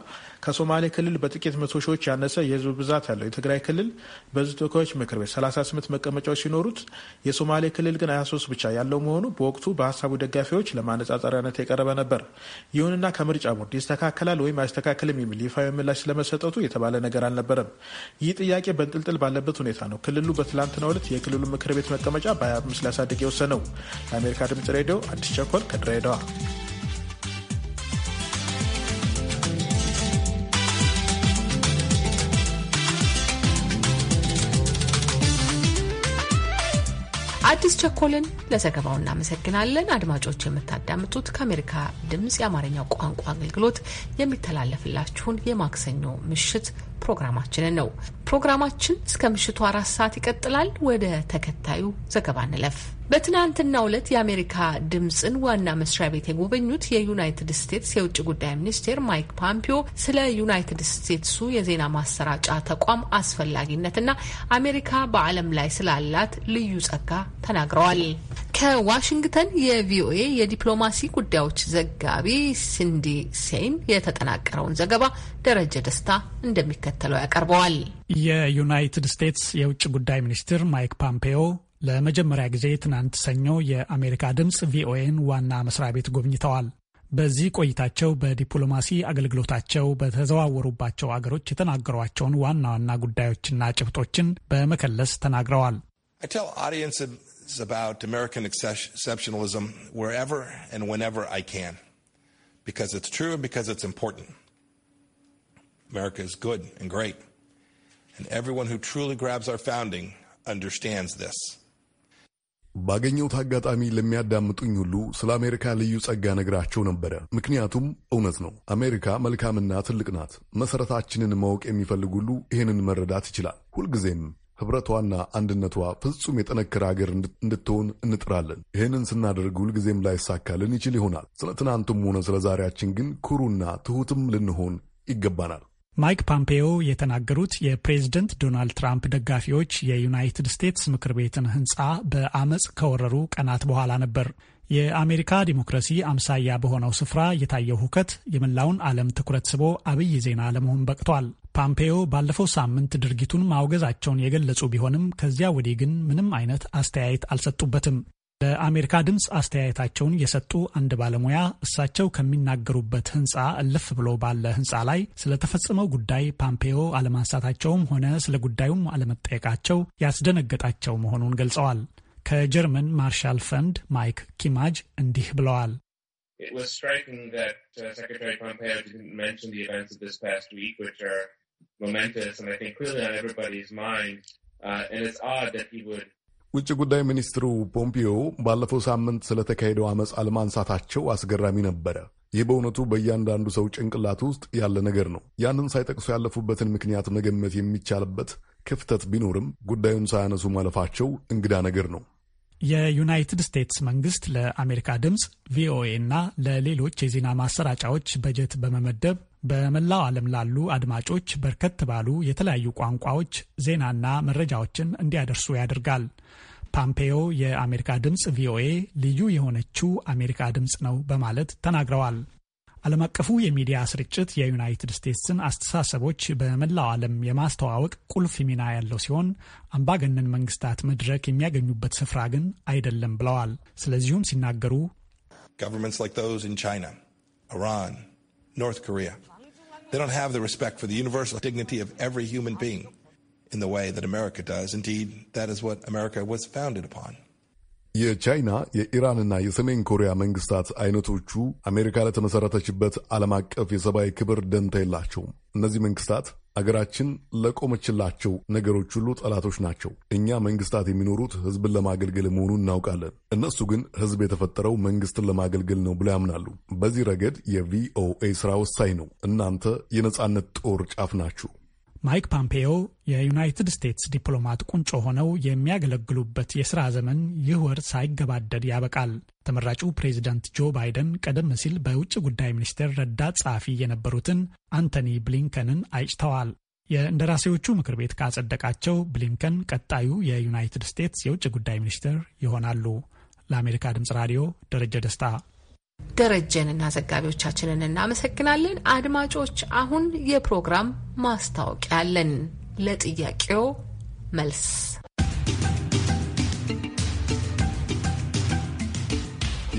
ከሶማሌ ክልል በጥቂት መቶ ሺዎች ያነሰ የህዝብ ብዛት ያለው የትግራይ ክልል በህዝብ ተወካዮች ምክር ቤት 38 መቀመጫዎች ሲኖሩት የሶማሌ ክልል ግን 23 ብቻ ያለው መሆኑ በወቅቱ በሀሳቡ ደጋፊዎች ለማነጻጸሪያነት የቀረበ ነበር። ይሁንና ከምርጫ ቦርድ ይስተካከላል ወይም አይስተካከልም የሚል ይፋዊ ምላሽ ስለመሰጠቱ የተባለ ነገር አልነበረም። ይህ ጥያቄ በንጥልጥል ባለበት ሁኔታ ነው ክልሉ በትላንትናው ዕለት የክልሉ ምክር ቤት መቀመጫ በ25 ሊያሳድግ የወሰነው። ለአሜሪካ ድምጽ ሬዲዮ አዲስ ቸኮል ከድሬዳዋ አዲስ ቸኮልን ለዘገባው እናመሰግናለን። አድማጮች የምታዳምጡት ከአሜሪካ ድምፅ የአማርኛው ቋንቋ አገልግሎት የሚተላለፍላችሁን የማክሰኞ ምሽት ፕሮግራማችንን ነው። ፕሮግራማችን እስከ ምሽቱ አራት ሰዓት ይቀጥላል። ወደ ተከታዩ ዘገባ እንለፍ። በትናንትናው ዕለት የአሜሪካ ድምፅን ዋና መስሪያ ቤት የጎበኙት የዩናይትድ ስቴትስ የውጭ ጉዳይ ሚኒስቴር ማይክ ፖምፒዮ ስለ ዩናይትድ ስቴትሱ የዜና ማሰራጫ ተቋም አስፈላጊነትና አሜሪካ በዓለም ላይ ስላላት ልዩ ጸጋ ተናግረዋል። ከዋሽንግተን የቪኦኤ የዲፕሎማሲ ጉዳዮች ዘጋቢ ሲንዲ ሴን የተጠናቀረውን ዘገባ ደረጀ ደስታ እንደሚከተለው ያቀርበዋል። የዩናይትድ ስቴትስ የውጭ ጉዳይ ሚኒስትር ማይክ ፖምፔዮ ለመጀመሪያ ጊዜ ትናንት ሰኞ የአሜሪካ ድምፅ ቪኦኤን ዋና መስሪያ ቤት ጎብኝተዋል። በዚህ ቆይታቸው በዲፕሎማሲ አገልግሎታቸው በተዘዋወሩባቸው አገሮች የተናገሯቸውን ዋና ዋና ጉዳዮችና ጭብጦችን በመከለስ ተናግረዋል። America is good and great. everyone who truly grabs our founding understands this. ባገኘሁት አጋጣሚ ለሚያዳምጡኝ ሁሉ ስለ አሜሪካ ልዩ ጸጋ ነግራቸው ነበረ። ምክንያቱም እውነት ነው፣ አሜሪካ መልካምና ትልቅ ናት። መሠረታችንን ማወቅ የሚፈልግ ሁሉ ይህንን መረዳት ይችላል። ሁልጊዜም ኅብረቷና አንድነቷ ፍጹም የጠነከረ አገር እንድትሆን እንጥራለን። ይህንን ስናደርግ ሁልጊዜም ላይሳካልን ይችል ይሆናል። ስለ ትናንቱም ሆነ ስለ ዛሬያችን ግን ኩሩና ትሑትም ልንሆን ይገባናል። ማይክ ፖምፔዮ የተናገሩት የፕሬዝደንት ዶናልድ ትራምፕ ደጋፊዎች የዩናይትድ ስቴትስ ምክር ቤትን ህንፃ በአመፅ ከወረሩ ቀናት በኋላ ነበር። የአሜሪካ ዲሞክራሲ አምሳያ በሆነው ስፍራ የታየው ሁከት የመላውን ዓለም ትኩረት ስቦ አብይ ዜና ለመሆን በቅቷል። ፓምፔዮ ባለፈው ሳምንት ድርጊቱን ማውገዛቸውን የገለጹ ቢሆንም ከዚያ ወዲህ ግን ምንም አይነት አስተያየት አልሰጡበትም። ለአሜሪካ ድምፅ አስተያየታቸውን የሰጡ አንድ ባለሙያ እሳቸው ከሚናገሩበት ህንፃ እልፍ ብሎ ባለ ህንፃ ላይ ስለተፈጸመው ጉዳይ ፓምፔዮ አለማንሳታቸውም ሆነ ስለ ጉዳዩም አለመጠየቃቸው ያስደነገጣቸው መሆኑን ገልጸዋል። ከጀርመን ማርሻል ፈንድ ማይክ ኪማጅ እንዲህ ብለዋል። uh, uh, and it's odd that he would ውጭ ጉዳይ ሚኒስትሩ ፖምፒዮ ባለፈው ሳምንት ስለተካሄደው አመፅ አለማንሳታቸው አስገራሚ ነበረ። ይህ በእውነቱ በእያንዳንዱ ሰው ጭንቅላት ውስጥ ያለ ነገር ነው። ያንን ሳይጠቅሱ ያለፉበትን ምክንያት መገመት የሚቻልበት ክፍተት ቢኖርም ጉዳዩን ሳያነሱ ማለፋቸው እንግዳ ነገር ነው። የዩናይትድ ስቴትስ መንግስት ለአሜሪካ ድምፅ ቪኦኤ እና ለሌሎች የዜና ማሰራጫዎች በጀት በመመደብ በመላው ዓለም ላሉ አድማጮች በርከት ባሉ የተለያዩ ቋንቋዎች ዜናና መረጃዎችን እንዲያደርሱ ያደርጋል። ፓምፔዮ የአሜሪካ ድምፅ ቪኦኤ ልዩ የሆነችው አሜሪካ ድምፅ ነው በማለት ተናግረዋል። ዓለም አቀፉ የሚዲያ ስርጭት የዩናይትድ ስቴትስን አስተሳሰቦች በመላው ዓለም የማስተዋወቅ ቁልፍ ሚና ያለው ሲሆን አምባገነን መንግስታት መድረክ የሚያገኙበት ስፍራ ግን አይደለም ብለዋል። ስለዚሁም ሲናገሩ governments like those in China, Iran, They don't have the respect for the universal dignity of every human being in the way that America does. Indeed, that is what America was founded upon. የቻይና የኢራንና የሰሜን ኮሪያ መንግስታት አይነቶቹ አሜሪካ ለተመሠረተችበት ዓለም አቀፍ የሰብአዊ ክብር ደንታ የላቸውም። እነዚህ መንግስታት አገራችን ለቆመችላቸው ነገሮች ሁሉ ጠላቶች ናቸው። እኛ መንግስታት የሚኖሩት ህዝብን ለማገልገል መሆኑን እናውቃለን። እነሱ ግን ህዝብ የተፈጠረው መንግስትን ለማገልገል ነው ብለው ያምናሉ። በዚህ ረገድ የቪኦኤ ስራ ወሳኝ ነው። እናንተ የነጻነት ጦር ጫፍ ናችሁ። ማይክ ፖምፔዮ የዩናይትድ ስቴትስ ዲፕሎማት ቁንጮ ሆነው የሚያገለግሉበት የሥራ ዘመን ይህ ወር ሳይገባደድ ያበቃል። ተመራጩ ፕሬዚዳንት ጆ ባይደን ቀደም ሲል በውጭ ጉዳይ ሚኒስቴር ረዳት ጸሐፊ የነበሩትን አንቶኒ ብሊንከንን አይጭተዋል። የእንደራሴዎቹ ምክር ቤት ካጸደቃቸው ብሊንከን ቀጣዩ የዩናይትድ ስቴትስ የውጭ ጉዳይ ሚኒስትር ይሆናሉ። ለአሜሪካ ድምፅ ራዲዮ ደረጀ ደስታ ደረጀንና ዘጋቢዎቻችንን እናመሰግናለን። አድማጮች፣ አሁን የፕሮግራም ማስታወቂያ አለን። ለጥያቄው መልስ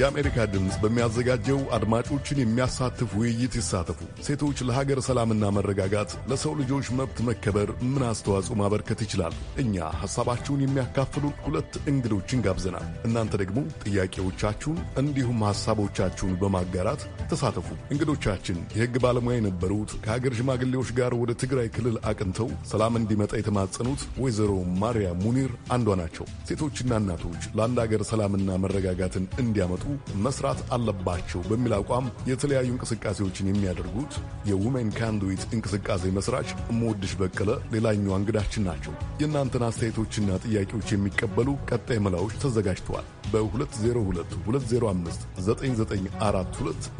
የአሜሪካ ድምፅ በሚያዘጋጀው አድማጮችን የሚያሳትፍ ውይይት ይሳተፉ። ሴቶች ለሀገር ሰላምና መረጋጋት፣ ለሰው ልጆች መብት መከበር ምን አስተዋጽኦ ማበርከት ይችላሉ? እኛ ሐሳባችሁን የሚያካፍሉን ሁለት እንግዶችን ጋብዘናል። እናንተ ደግሞ ጥያቄዎቻችሁን እንዲሁም ሐሳቦቻችሁን በማጋራት ተሳተፉ። እንግዶቻችን የሕግ ባለሙያ የነበሩት ከሀገር ሽማግሌዎች ጋር ወደ ትግራይ ክልል አቅንተው ሰላም እንዲመጣ የተማጸኑት ወይዘሮ ማርያም ሙኒር አንዷ ናቸው። ሴቶችና እናቶች ለአንድ ሀገር ሰላምና መረጋጋትን እንዲያመጡ መስራት አለባቸው በሚል አቋም የተለያዩ እንቅስቃሴዎችን የሚያደርጉት የውሜን ካንዱዊት እንቅስቃሴ መስራች እምወድሽ በቀለ ሌላኛዋ እንግዳችን ናቸው። የእናንተን አስተያየቶችና ጥያቄዎች የሚቀበሉ ቀጣይ መላዎች ተዘጋጅተዋል። በ 2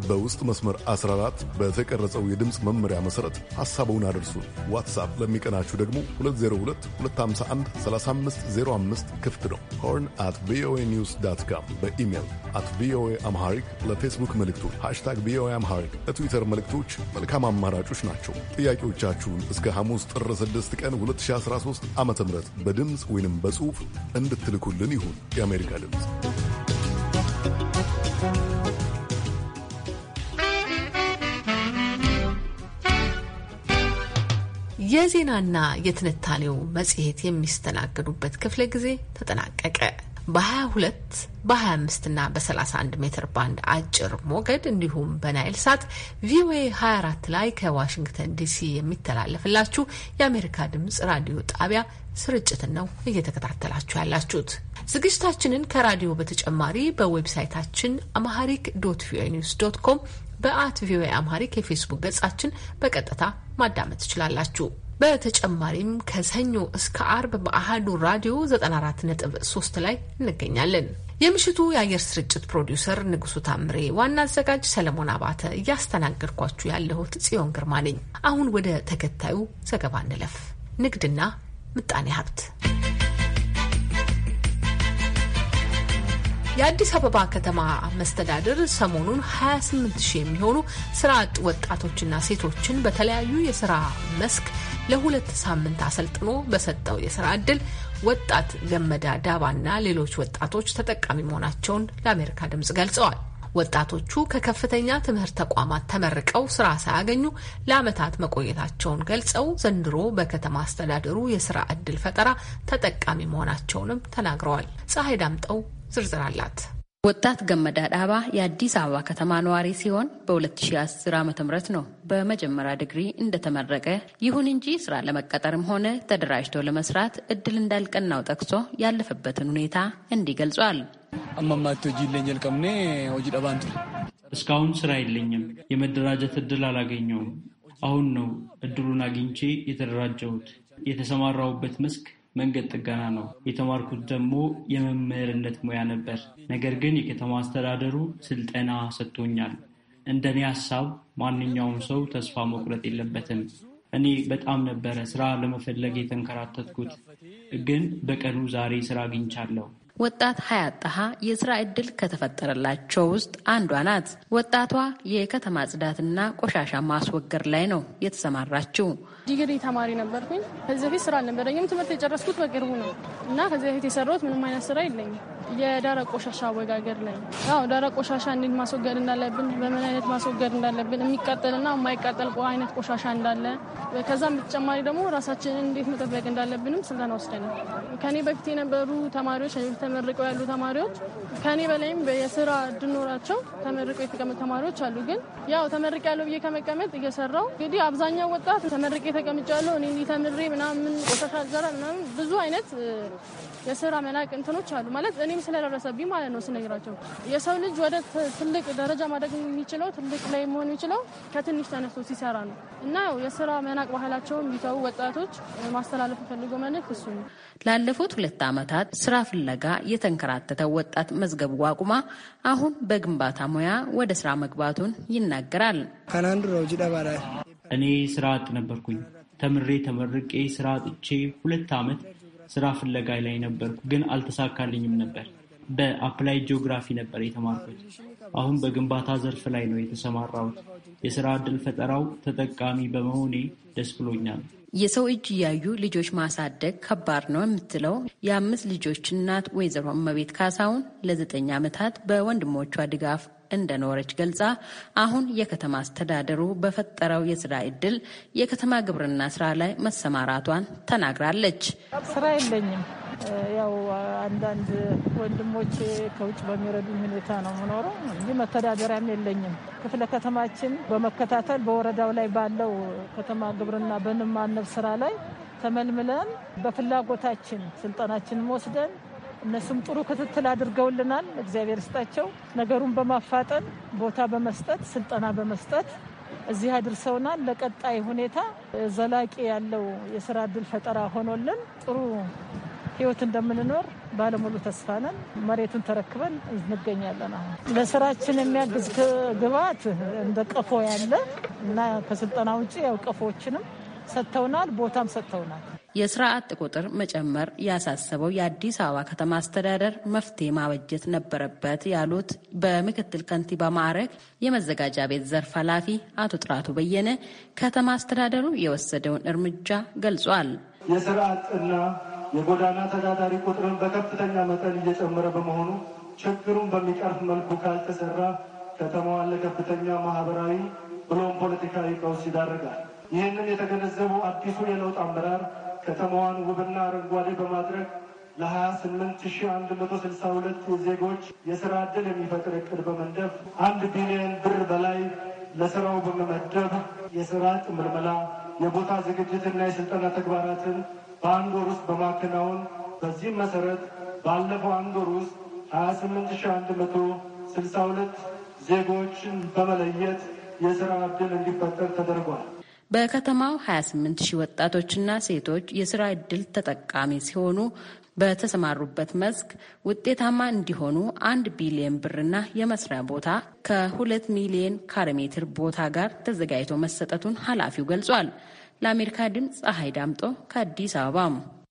በውስጥ መስመር 14 በተቀረጸው የድምፅ መመሪያ መሰረት ሐሳቡን አድርሱን። ዋትሳፕ ለሚቀናችሁ ደግሞ 2022513505 ክፍት ነው። ሆርን አት ቪኦኤ ኒውስ ዳት ካም በኢሜይል አት ቪኦኤ አምሃሪክ፣ ለፌስቡክ መልእክቶች ሃሽታግ ቪኦኤ አምሃሪክ፣ ለትዊተር መልእክቶች መልካም አማራጮች ናቸው። ጥያቄዎቻችሁን እስከ ሐሙስ ጥር 6 ቀን 2013 ዓ ም በድምፅ ወይንም በጽሑፍ እንድትልኩልን ይሁን። የአሜሪካ ድምፅ የዜናና የትንታኔው መጽሔት የሚስተናገዱበት ክፍለ ጊዜ ተጠናቀቀ። በ22 በ25 እና በ31 ሜትር ባንድ አጭር ሞገድ እንዲሁም በናይል ሳት ቪኦኤ 24 ላይ ከዋሽንግተን ዲሲ የሚተላለፍላችሁ የአሜሪካ ድምጽ ራዲዮ ጣቢያ ስርጭትን ነው እየተከታተላችሁ ያላችሁት። ዝግጅታችንን ከራዲዮ በተጨማሪ በዌብሳይታችን አማሃሪክ ዶት ቪኦኤ ኒውስ ዶት ኮም በአት ቪኦኤ አማሃሪክ የፌስቡክ ገጻችን በቀጥታ ማዳመጥ ትችላላችሁ። በተጨማሪም ከሰኞ እስከ አርብ በአህዱ ራዲዮ 94.3 ላይ እንገኛለን። የምሽቱ የአየር ስርጭት ፕሮዲውሰር ንጉሱ ታምሬ፣ ዋና አዘጋጅ ሰለሞን አባተ፣ እያስተናገድኳችሁ ያለሁት ጽዮን ግርማ ነኝ። አሁን ወደ ተከታዩ ዘገባ እንለፍ። ንግድና ምጣኔ ሀብት የአዲስ አበባ ከተማ መስተዳድር ሰሞኑን 28 ሺህ የሚሆኑ ስራ አጥ ወጣቶችና ሴቶችን በተለያዩ የስራ መስክ ለሁለት ሳምንት አሰልጥኖ በሰጠው የስራ ዕድል ወጣት ገመዳ ዳባና ሌሎች ወጣቶች ተጠቃሚ መሆናቸውን ለአሜሪካ ድምጽ ገልጸዋል። ወጣቶቹ ከከፍተኛ ትምህርት ተቋማት ተመርቀው ስራ ሳያገኙ ለዓመታት መቆየታቸውን ገልጸው ዘንድሮ በከተማ አስተዳደሩ የስራ ዕድል ፈጠራ ተጠቃሚ መሆናቸውንም ተናግረዋል። ፀሐይ ዳምጠው ዝርዝር አላት። ወጣት ገመዳ ዳባ የአዲስ አበባ ከተማ ነዋሪ ሲሆን በ2010 ዓ ም ነው በመጀመሪያ ዲግሪ እንደተመረቀ። ይሁን እንጂ ስራ ለመቀጠርም ሆነ ተደራጅቶ ለመስራት እድል እንዳልቀናው ጠቅሶ ያለፈበትን ሁኔታ እንዲህ ገልጿል። አማማት ሆጂ ይለኛል ቀምኔ ሆጂ ደባን እስካሁን ስራ የለኝም። የመደራጀት እድል አላገኘውም። አሁን ነው እድሉን አግኝቼ የተደራጀሁት። የተሰማራሁበት መስክ መንገድ ጥገና ነው። የተማርኩት ደግሞ የመምህርነት ሙያ ነበር። ነገር ግን የከተማ አስተዳደሩ ስልጠና ሰጥቶኛል። እንደኔ ሀሳብ ማንኛውም ሰው ተስፋ መቁረጥ የለበትም። እኔ በጣም ነበረ ስራ ለመፈለግ የተንከራተትኩት፣ ግን በቀኑ ዛሬ ስራ አግኝቻለሁ። ወጣት ሀያት ጣሃ የስራ እድል ከተፈጠረላቸው ውስጥ አንዷ ናት። ወጣቷ የከተማ ጽዳትና ቆሻሻ ማስወገድ ላይ ነው የተሰማራችው። ዲግሪ ተማሪ ነበርኩኝ። ከዚህ በፊት ስራ አልነበረኝም። ትምህርት የጨረስኩት በቅርቡ ነው እና ከዚህ በፊት የሰራሁት ምንም አይነት ስራ የለኝም። የደረቅ ቆሻሻ አወጋገድ ላይ ው ደረቅ ቆሻሻ እንዴት ማስወገድ እንዳለብን፣ በምን አይነት ማስወገድ እንዳለብን፣ የሚቃጠልና የማይቃጠል አይነት ቆሻሻ እንዳለ፣ ከዛም በተጨማሪ ደግሞ ራሳችንን እንዴት መጠበቅ እንዳለብንም ስልጠና ወስደናል። ከኔ በፊት የነበሩ ተማሪዎች ተመርቀው ያሉ ተማሪዎች ከኔ በላይም የስራ እንድኖራቸው ተመርቀው የተቀመጡ ተማሪዎች አሉ። ግን ያው ተመርቅ ያለው ብዬ ከመቀመጥ እየሰራው እንግዲህ አብዛኛው ወጣት ተመርቅ ተቀምጫለሁ። እኔ እንዲህ ተምሬ ምናምን ቆሻሻ አልዘራ ምናምን ብዙ አይነት የስራ መናቅ እንትኖች አሉ ማለት እኔም ስለደረሰብኝ ማለት ነው ስነግራቸው። የሰው ልጅ ወደ ትልቅ ደረጃ ማደግ የሚችለው ትልቅ ላይ መሆን የሚችለው ከትንሽ ተነስቶ ሲሰራ ነው እና የስራ መናቅ ባህላቸውን ቢተው ወጣቶች ማስተላለፍ ፈልጎ መልእክት እሱ ነው። ላለፉት ሁለት ዓመታት ስራ ፍለጋ የተንከራተተው ወጣት መዝገቡ ዋቁማ አሁን በግንባታ ሙያ ወደ ስራ መግባቱን ይናገራል። ከናንዱ ነው እኔ ስራ አጥ ነበርኩኝ። ተምሬ ተመርቄ ስራ አጥቼ ሁለት ዓመት ስራ ፍለጋ ላይ ነበርኩ፣ ግን አልተሳካልኝም ነበር። በአፕላይ ጂኦግራፊ ነበር የተማርኩት። አሁን በግንባታ ዘርፍ ላይ ነው የተሰማራሁት። የስራ ዕድል ፈጠራው ተጠቃሚ በመሆኔ ደስ ብሎኛል። የሰው እጅ እያዩ ልጆች ማሳደግ ከባድ ነው የምትለው የአምስት ልጆች እናት ወይዘሮ እመቤት ካሳሁን ለዘጠኝ ዓመታት በወንድሞቿ ድጋፍ እንደኖረች ገልጻ አሁን የከተማ አስተዳደሩ በፈጠረው የስራ እድል የከተማ ግብርና ስራ ላይ መሰማራቷን ተናግራለች። ስራ የለኝም። ያው አንዳንድ ወንድሞች ከውጭ በሚረዱኝ ሁኔታ ነው የምኖረው እንጂ መተዳደሪያም የለኝም። ክፍለ ከተማችን በመከታተል በወረዳው ላይ ባለው ከተማ ግብርና በንማነብ ስራ ላይ ተመልምለን በፍላጎታችን ስልጠናችንን ወስደን እነሱም ጥሩ ክትትል አድርገውልናል። እግዚአብሔር ስጣቸው። ነገሩን በማፋጠን ቦታ በመስጠት ስልጠና በመስጠት እዚህ አድርሰውናል። ለቀጣይ ሁኔታ ዘላቂ ያለው የስራ እድል ፈጠራ ሆኖልን ጥሩ ህይወት እንደምንኖር ባለሙሉ ተስፋ ነን። መሬቱን ተረክበን እንገኛለን። አሁን ለስራችን የሚያግዝ ግብዓት እንደ ቀፎ ያለ እና ከስልጠና ውጭ ያው ቀፎዎችንም ሰጥተውናል፣ ቦታም ሰጥተውናል። የስራ አጥ ቁጥር መጨመር ያሳሰበው የአዲስ አበባ ከተማ አስተዳደር መፍትሄ ማበጀት ነበረበት ያሉት በምክትል ከንቲባ ማዕረግ የመዘጋጃ ቤት ዘርፍ ኃላፊ አቶ ጥራቱ በየነ ከተማ አስተዳደሩ የወሰደውን እርምጃ ገልጿል። የስራ አጥና የጎዳና ተዳዳሪ ቁጥርን በከፍተኛ መጠን እየጨመረ በመሆኑ ችግሩን በሚቀርፍ መልኩ ካልተሰራ ከተማዋን ለከፍተኛ ማህበራዊ ብሎም ፖለቲካዊ ቀውስ ይዳርጋል። ይህንን የተገነዘቡ አዲሱ የለውጥ አመራር ከተማዋን ውብና አረንጓዴ በማድረግ ለ28162 ዜጎች የስራ ዕድል የሚፈጥር እቅድ በመንደፍ አንድ ቢሊዮን ብር በላይ ለስራው በመመደብ የስራ አጥ ምልመላ፣ የቦታ ዝግጅትና የስልጠና ተግባራትን በአንድ ወር ውስጥ በማከናወን በዚህም መሰረት ባለፈው አንድ ወር ውስጥ 28162 ዜጎችን በመለየት የስራ ዕድል እንዲፈጠር ተደርጓል። በከተማው 28 ሺህ ወጣቶችና ሴቶች የስራ እድል ተጠቃሚ ሲሆኑ በተሰማሩበት መስክ ውጤታማ እንዲሆኑ አንድ ቢሊየን ብርና የመስሪያ ቦታ ከሁለት ሚሊየን ካሬ ሜትር ቦታ ጋር ተዘጋጅቶ መሰጠቱን ኃላፊው ገልጿል። ለአሜሪካ ድምፅ ፀሐይ ዳምጦ ከአዲስ አበባ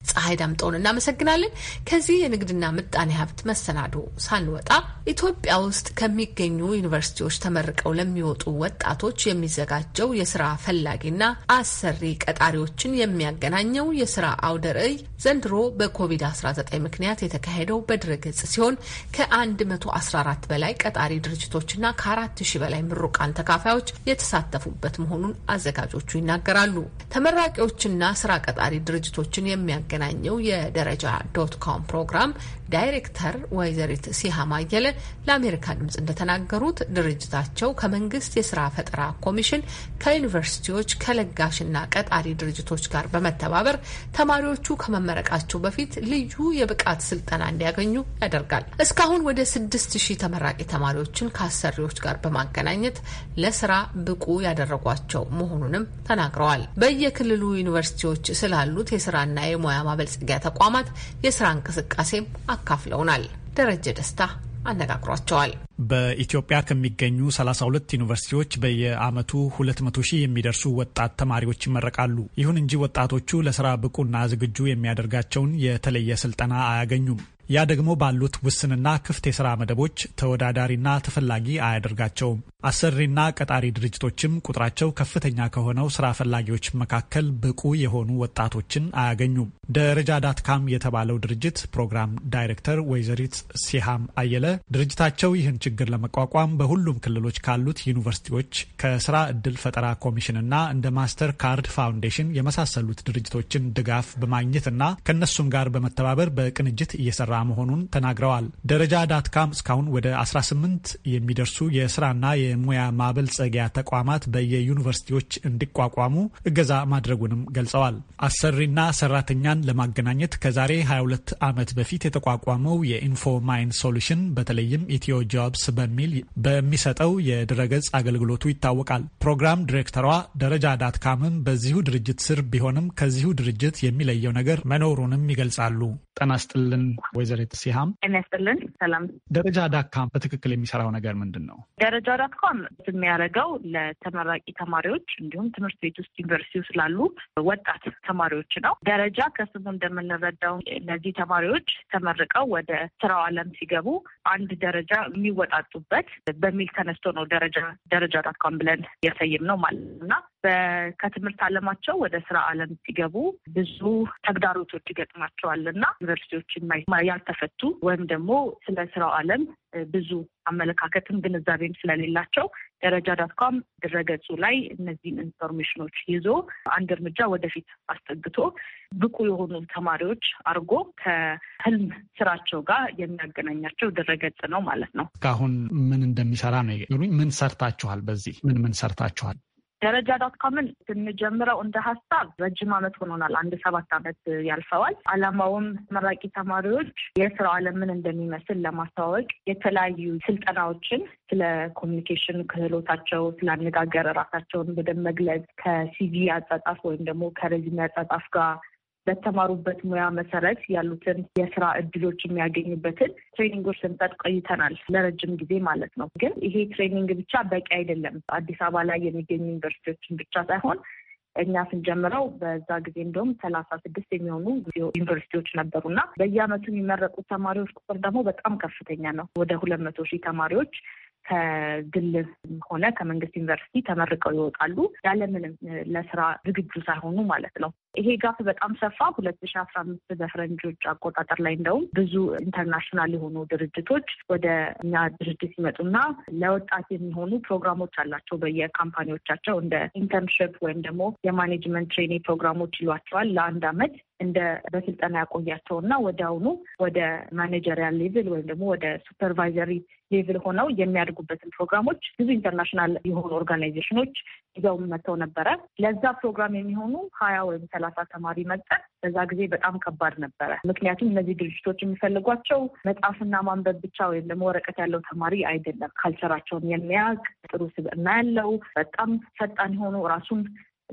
ፀሐይ ዳምጠውን እናመሰግናለን። ከዚህ የንግድና ምጣኔ ሀብት መሰናዶ ሳንወጣ ኢትዮጵያ ውስጥ ከሚገኙ ዩኒቨርሲቲዎች ተመርቀው ለሚወጡ ወጣቶች የሚዘጋጀው የስራ ፈላጊና አሰሪ ቀጣሪዎችን የሚያገናኘው የስራ አውደ ርዕይ ዘንድሮ በኮቪድ-19 ምክንያት የተካሄደው በድረገጽ ሲሆን ከ114 በላይ ቀጣሪ ድርጅቶችና ከ4000 በላይ ምሩቃን ተካፋዮች የተሳተፉበት መሆኑን አዘጋጆቹ ይናገራሉ። ተመራቂዎችና ስራ ቀጣሪ ድርጅቶችን የሚያ የሚያገናኘው የደረጃ ዶት ኮም ፕሮግራም ዳይሬክተር ወይዘሪት ሲሃ ማየለ ለአሜሪካ ድምጽ እንደተናገሩት ድርጅታቸው ከመንግስት የስራ ፈጠራ ኮሚሽን ከዩኒቨርሲቲዎች ከለጋሽና ቀጣሪ ድርጅቶች ጋር በመተባበር ተማሪዎቹ ከመመረቃቸው በፊት ልዩ የብቃት ስልጠና እንዲያገኙ ያደርጋል። እስካሁን ወደ ስድስት ሺህ ተመራቂ ተማሪዎችን ከአሰሪዎች ጋር በማገናኘት ለስራ ብቁ ያደረጓቸው መሆኑንም ተናግረዋል። በየክልሉ ዩኒቨርሲቲዎች ስላሉት የስራና የሙያ ማበልጸጊያ ተቋማት የስራ እንቅስቃሴም አካፍለውናል። ደረጀ ደስታ አነጋግሯቸዋል። በኢትዮጵያ ከሚገኙ 32 ዩኒቨርሲቲዎች በየዓመቱ 200 ሺህ የሚደርሱ ወጣት ተማሪዎች ይመረቃሉ። ይሁን እንጂ ወጣቶቹ ለስራ ብቁና ዝግጁ የሚያደርጋቸውን የተለየ ስልጠና አያገኙም። ያ ደግሞ ባሉት ውስንና ክፍት የሥራ መደቦች ተወዳዳሪና ተፈላጊ አያደርጋቸውም። አሰሪና ቀጣሪ ድርጅቶችም ቁጥራቸው ከፍተኛ ከሆነው ሥራ ፈላጊዎች መካከል ብቁ የሆኑ ወጣቶችን አያገኙም። ደረጃ ዳትካም የተባለው ድርጅት ፕሮግራም ዳይሬክተር ወይዘሪት ሲሃም አየለ ድርጅታቸው ይህን ችግር ለመቋቋም በሁሉም ክልሎች ካሉት ዩኒቨርሲቲዎች ከስራ ዕድል ፈጠራ ኮሚሽንና እንደ ማስተር ካርድ ፋውንዴሽን የመሳሰሉት ድርጅቶችን ድጋፍ በማግኘትና ከእነሱም ጋር በመተባበር በቅንጅት እየሰራ መሆኑን ተናግረዋል። ደረጃ ዳትካም እስካሁን ወደ 18 የሚደርሱ የስራና የሙያ ማበልጸጊያ ተቋማት በየዩኒቨርሲቲዎች እንዲቋቋሙ እገዛ ማድረጉንም ገልጸዋል። አሰሪና ሰራተኛን ለማገናኘት ከዛሬ 22 ዓመት በፊት የተቋቋመው የኢንፎ ማይን ሶሉሽን በተለይም ኢትዮ ጆብስ ሆብስ በሚል በሚሰጠው የድረገጽ አገልግሎቱ ይታወቃል። ፕሮግራም ዲሬክተሯ ደረጃ ዳትካምም በዚሁ ድርጅት ስር ቢሆንም ከዚሁ ድርጅት የሚለየው ነገር መኖሩንም ይገልጻሉ። ጤና ይስጥልን ወይዘሪት ሲሃም ጤና ይስጥልን። ሰላም። ደረጃ ዳካም በትክክል የሚሰራው ነገር ምንድን ነው? ደረጃ ዳትካም የሚያደርገው ለተመራቂ ተማሪዎች እንዲሁም ትምህርት ቤት ውስጥ ዩኒቨርሲቲ ውስጥ ላሉ ወጣት ተማሪዎች ነው። ደረጃ ከስሙ እንደምንረዳው እነዚህ ተማሪዎች ተመርቀው ወደ ስራው አለም ሲገቡ አንድ ደረጃ የሚወ የተወጣጡበት በሚል ተነስቶ ነው ደረጃ ደረጃ ዳትኮም ብለን የሰየም ነው ማለት እና ከትምህርት አለማቸው ወደ ስራ አለም ሲገቡ ብዙ ተግዳሮቶች ይገጥማቸዋል እና ዩኒቨርሲቲዎችን ያልተፈቱ ወይም ደግሞ ስለ ስራው አለም ብዙ አመለካከትም ግንዛቤም ስለሌላቸው ደረጃ ዳትኳም ድረገጹ ላይ እነዚህን ኢንፎርሜሽኖች ይዞ አንድ እርምጃ ወደፊት አስጠግቶ ብቁ የሆኑ ተማሪዎች አድርጎ ከህልም ስራቸው ጋር የሚያገናኛቸው ድረገጽ ነው ማለት ነው። እስካሁን ምን እንደሚሰራ ነው ምን ሰርታችኋል? በዚህ ምን ምን ሰርታችኋል? ደረጃ ዳትካምን ስንጀምረው እንደ ሀሳብ ረጅም ዓመት ሆኖናል። አንድ ሰባት ዓመት ያልፈዋል። አላማውም ተመራቂ ተማሪዎች የስራ አለምን እንደሚመስል ለማስተዋወቅ የተለያዩ ስልጠናዎችን ስለ ኮሚኒኬሽን ክህሎታቸው፣ ስለ አነጋገር ራሳቸውን በደንብ መግለጽ ከሲቪ አጻጻፍ ወይም ደግሞ ከረዚሜ አጻጻፍ ጋር በተማሩበት ሙያ መሰረት ያሉትን የስራ እድሎች የሚያገኙበትን ትሬኒንጎች ስንሰጥ ቆይተናል፣ ለረጅም ጊዜ ማለት ነው። ግን ይሄ ትሬኒንግ ብቻ በቂ አይደለም። አዲስ አበባ ላይ የሚገኙ ዩኒቨርሲቲዎችን ብቻ ሳይሆን እኛ ስንጀምረው በዛ ጊዜ እንደውም ሰላሳ ስድስት የሚሆኑ ዩኒቨርሲቲዎች ና በየአመቱ የሚመረቁት ተማሪዎች ቁጥር ደግሞ በጣም ከፍተኛ ነው። ወደ ሁለት መቶ ሺህ ተማሪዎች ከግል ሆነ ከመንግስት ዩኒቨርሲቲ ተመርቀው ይወጣሉ ያለምንም ለስራ ዝግጁ ሳይሆኑ ማለት ነው። ይሄ ጋፍ በጣም ሰፋ። ሁለት ሺ አስራ አምስት በፈረንጆች አቆጣጠር ላይ እንደውም ብዙ ኢንተርናሽናል የሆኑ ድርጅቶች ወደ እኛ ድርጅት ሲመጡና ለወጣት የሚሆኑ ፕሮግራሞች አላቸው በየካምፓኒዎቻቸው እንደ ኢንተርንሽፕ ወይም ደግሞ የማኔጅመንት ትሬኒንግ ፕሮግራሞች ይሏቸዋል። ለአንድ አመት እንደ በስልጠና ያቆያቸውና አሁኑ ወደ ማኔጀሪያል ሌቭል ወይም ደግሞ ወደ ሱፐርቫይዘሪ ሌቭል ሆነው የሚያድጉበትን ፕሮግራሞች ብዙ ኢንተርናሽናል የሆኑ ኦርጋናይዜሽኖች ይዘውም መጥተው ነበረ። ለዛ ፕሮግራም የሚሆኑ ሀያ ወይም ሰላሳ ተማሪ መጠን በዛ ጊዜ በጣም ከባድ ነበረ። ምክንያቱም እነዚህ ድርጅቶች የሚፈልጓቸው መጽሐፍና ማንበብ ብቻ ወይም ደግሞ ወረቀት ያለው ተማሪ አይደለም። ካልቸራቸውን የሚያውቅ ጥሩ ስብዕና ያለው በጣም ፈጣን የሆኑ ራሱን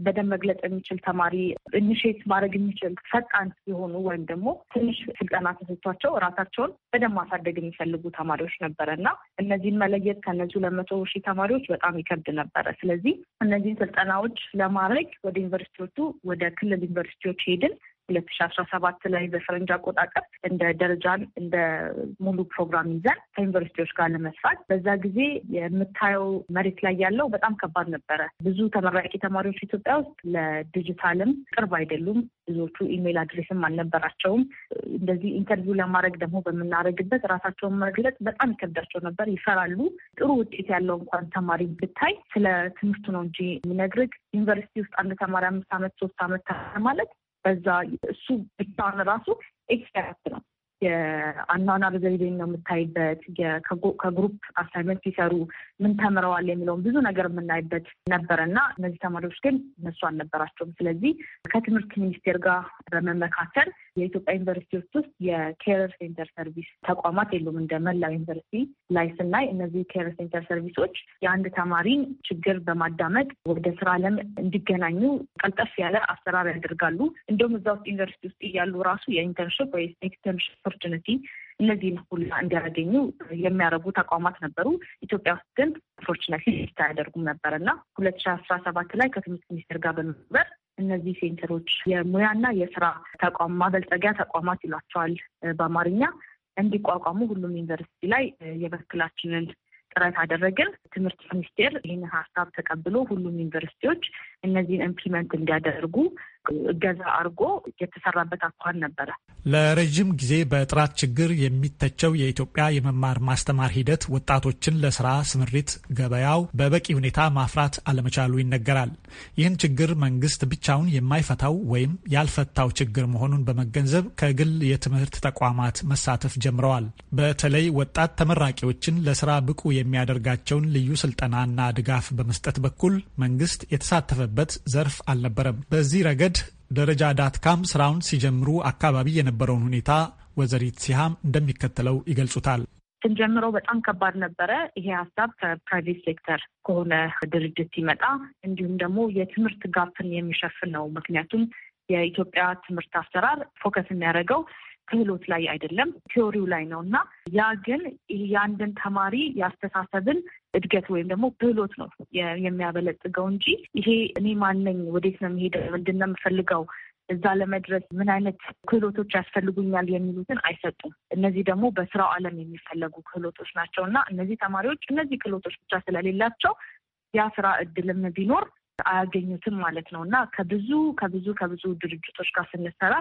በደንብ መግለጽ የሚችል ተማሪ ኢኒሼት ማድረግ የሚችል ፈጣን የሆኑ ወይም ደግሞ ትንሽ ስልጠና ተሰጥቷቸው እራሳቸውን በደንብ ማሳደግ የሚፈልጉ ተማሪዎች ነበረ እና እነዚህን መለየት ከነዚሁ ለመቶ ሺህ ተማሪዎች በጣም ይከብድ ነበረ። ስለዚህ እነዚህን ስልጠናዎች ለማድረግ ወደ ዩኒቨርሲቲዎቹ ወደ ክልል ዩኒቨርሲቲዎች ሄድን። ሁለት ሺ አስራ ሰባት ላይ በፈረንጅ አቆጣጠር እንደ ደረጃን እንደ ሙሉ ፕሮግራም ይዘን ከዩኒቨርሲቲዎች ጋር ለመስራት በዛ ጊዜ የምታየው መሬት ላይ ያለው በጣም ከባድ ነበረ። ብዙ ተመራቂ ተማሪዎች ኢትዮጵያ ውስጥ ለዲጂታልም ቅርብ አይደሉም። ብዙዎቹ ኢሜይል አድሬስም አልነበራቸውም። እንደዚህ ኢንተርቪው ለማድረግ ደግሞ በምናደርግበት ራሳቸውን መግለጽ በጣም ይከብዳቸው ነበር፣ ይፈራሉ። ጥሩ ውጤት ያለው እንኳን ተማሪ ብታይ ስለ ትምህርቱ ነው እንጂ የሚነግርህ ዩኒቨርሲቲ ውስጥ አንድ ተማሪ አምስት ዓመት ሶስት አመት ማለት በዛ እሱ ብቻውን ራሱ ኤክስፐርት ነው። የአኗኗር ዘይቤን ነው የምታይበት። ከግሩፕ አሳይመንት ሲሰሩ ምን ተምረዋል የሚለውን ብዙ ነገር የምናይበት ነበረ እና እነዚህ ተማሪዎች ግን እነሱ አልነበራቸውም። ስለዚህ ከትምህርት ሚኒስቴር ጋር በመመካከል የኢትዮጵያ ዩኒቨርሲቲዎች ውስጥ የኬር ሴንተር ሰርቪስ ተቋማት የሉም። እንደ መላው ዩኒቨርሲቲ ላይ ስናይ እነዚህ ኬር ሴንተር ሰርቪሶች የአንድ ተማሪን ችግር በማዳመጥ ወደ ስራ ዓለም እንዲገናኙ ቀልጠፍ ያለ አሰራር ያደርጋሉ። እንዲሁም እዛ ውስጥ ዩኒቨርሲቲ ውስጥ እያሉ ራሱ የኢንተርንሽፕ ወይ ኤክስተርንሽፕ ኦፖርቹኒቲ እነዚህን ሁላ እንዲያገኙ የሚያደርጉ ተቋማት ነበሩ። ኢትዮጵያ ውስጥ ግን ፎርችነት ሊስት አያደርጉም ነበር እና ሁለት ሺ አስራ ሰባት ላይ ከትምህርት ሚኒስቴር ጋር በመበር እነዚህ ሴንተሮች የሙያና የስራ ተቋም ማበልጸጊያ ተቋማት ይሏቸዋል በአማርኛ እንዲቋቋሙ ሁሉም ዩኒቨርሲቲ ላይ የበክላችንን ጥረት አደረግን። ትምህርት ሚኒስቴር ይህንን ሀሳብ ተቀብሎ ሁሉም ዩኒቨርሲቲዎች እነዚህን ኢምፕሊመንት እንዲያደርጉ እገዛ አድርጎ የተሰራበት አኳን ነበረ። ለረዥም ጊዜ በጥራት ችግር የሚተቸው የኢትዮጵያ የመማር ማስተማር ሂደት ወጣቶችን ለስራ ስምሪት ገበያው በበቂ ሁኔታ ማፍራት አለመቻሉ ይነገራል። ይህን ችግር መንግስት ብቻውን የማይፈታው ወይም ያልፈታው ችግር መሆኑን በመገንዘብ ከግል የትምህርት ተቋማት መሳተፍ ጀምረዋል። በተለይ ወጣት ተመራቂዎችን ለስራ ብቁ የሚያደርጋቸውን ልዩ ስልጠናና ድጋፍ በመስጠት በኩል መንግስት የተሳተፈበት ዘርፍ አልነበረም። በዚህ ረገድ ደረጃ ዳትካም ስራውን ሲጀምሩ አካባቢ የነበረውን ሁኔታ ወይዘሪት ሲሃም እንደሚከተለው ይገልጹታል። ስንጀምረው በጣም ከባድ ነበረ። ይሄ ሀሳብ ከፕራይቬት ሴክተር ከሆነ ድርጅት ሲመጣ እንዲሁም ደግሞ የትምህርት ጋፕን የሚሸፍን ነው። ምክንያቱም የኢትዮጵያ ትምህርት አሰራር ፎከስ የሚያደርገው ክህሎት ላይ አይደለም፣ ቲዎሪው ላይ ነው እና ያ ግን የአንድን ተማሪ ያስተሳሰብን እድገት ወይም ደግሞ ክህሎት ነው የሚያበለጽገው እንጂ ይሄ እኔ ማነኝ፣ ወዴት ነው የሚሄደው፣ ምንድን ነው የምፈልገው እዛ ለመድረስ ምን አይነት ክህሎቶች ያስፈልጉኛል የሚሉትን አይሰጡም። እነዚህ ደግሞ በስራው ዓለም የሚፈለጉ ክህሎቶች ናቸው እና እነዚህ ተማሪዎች እነዚህ ክህሎቶች ብቻ ስለሌላቸው ያ ስራ እድልም ቢኖር አያገኙትም ማለት ነው እና ከብዙ ከብዙ ከብዙ ድርጅቶች ጋር ስንሰራ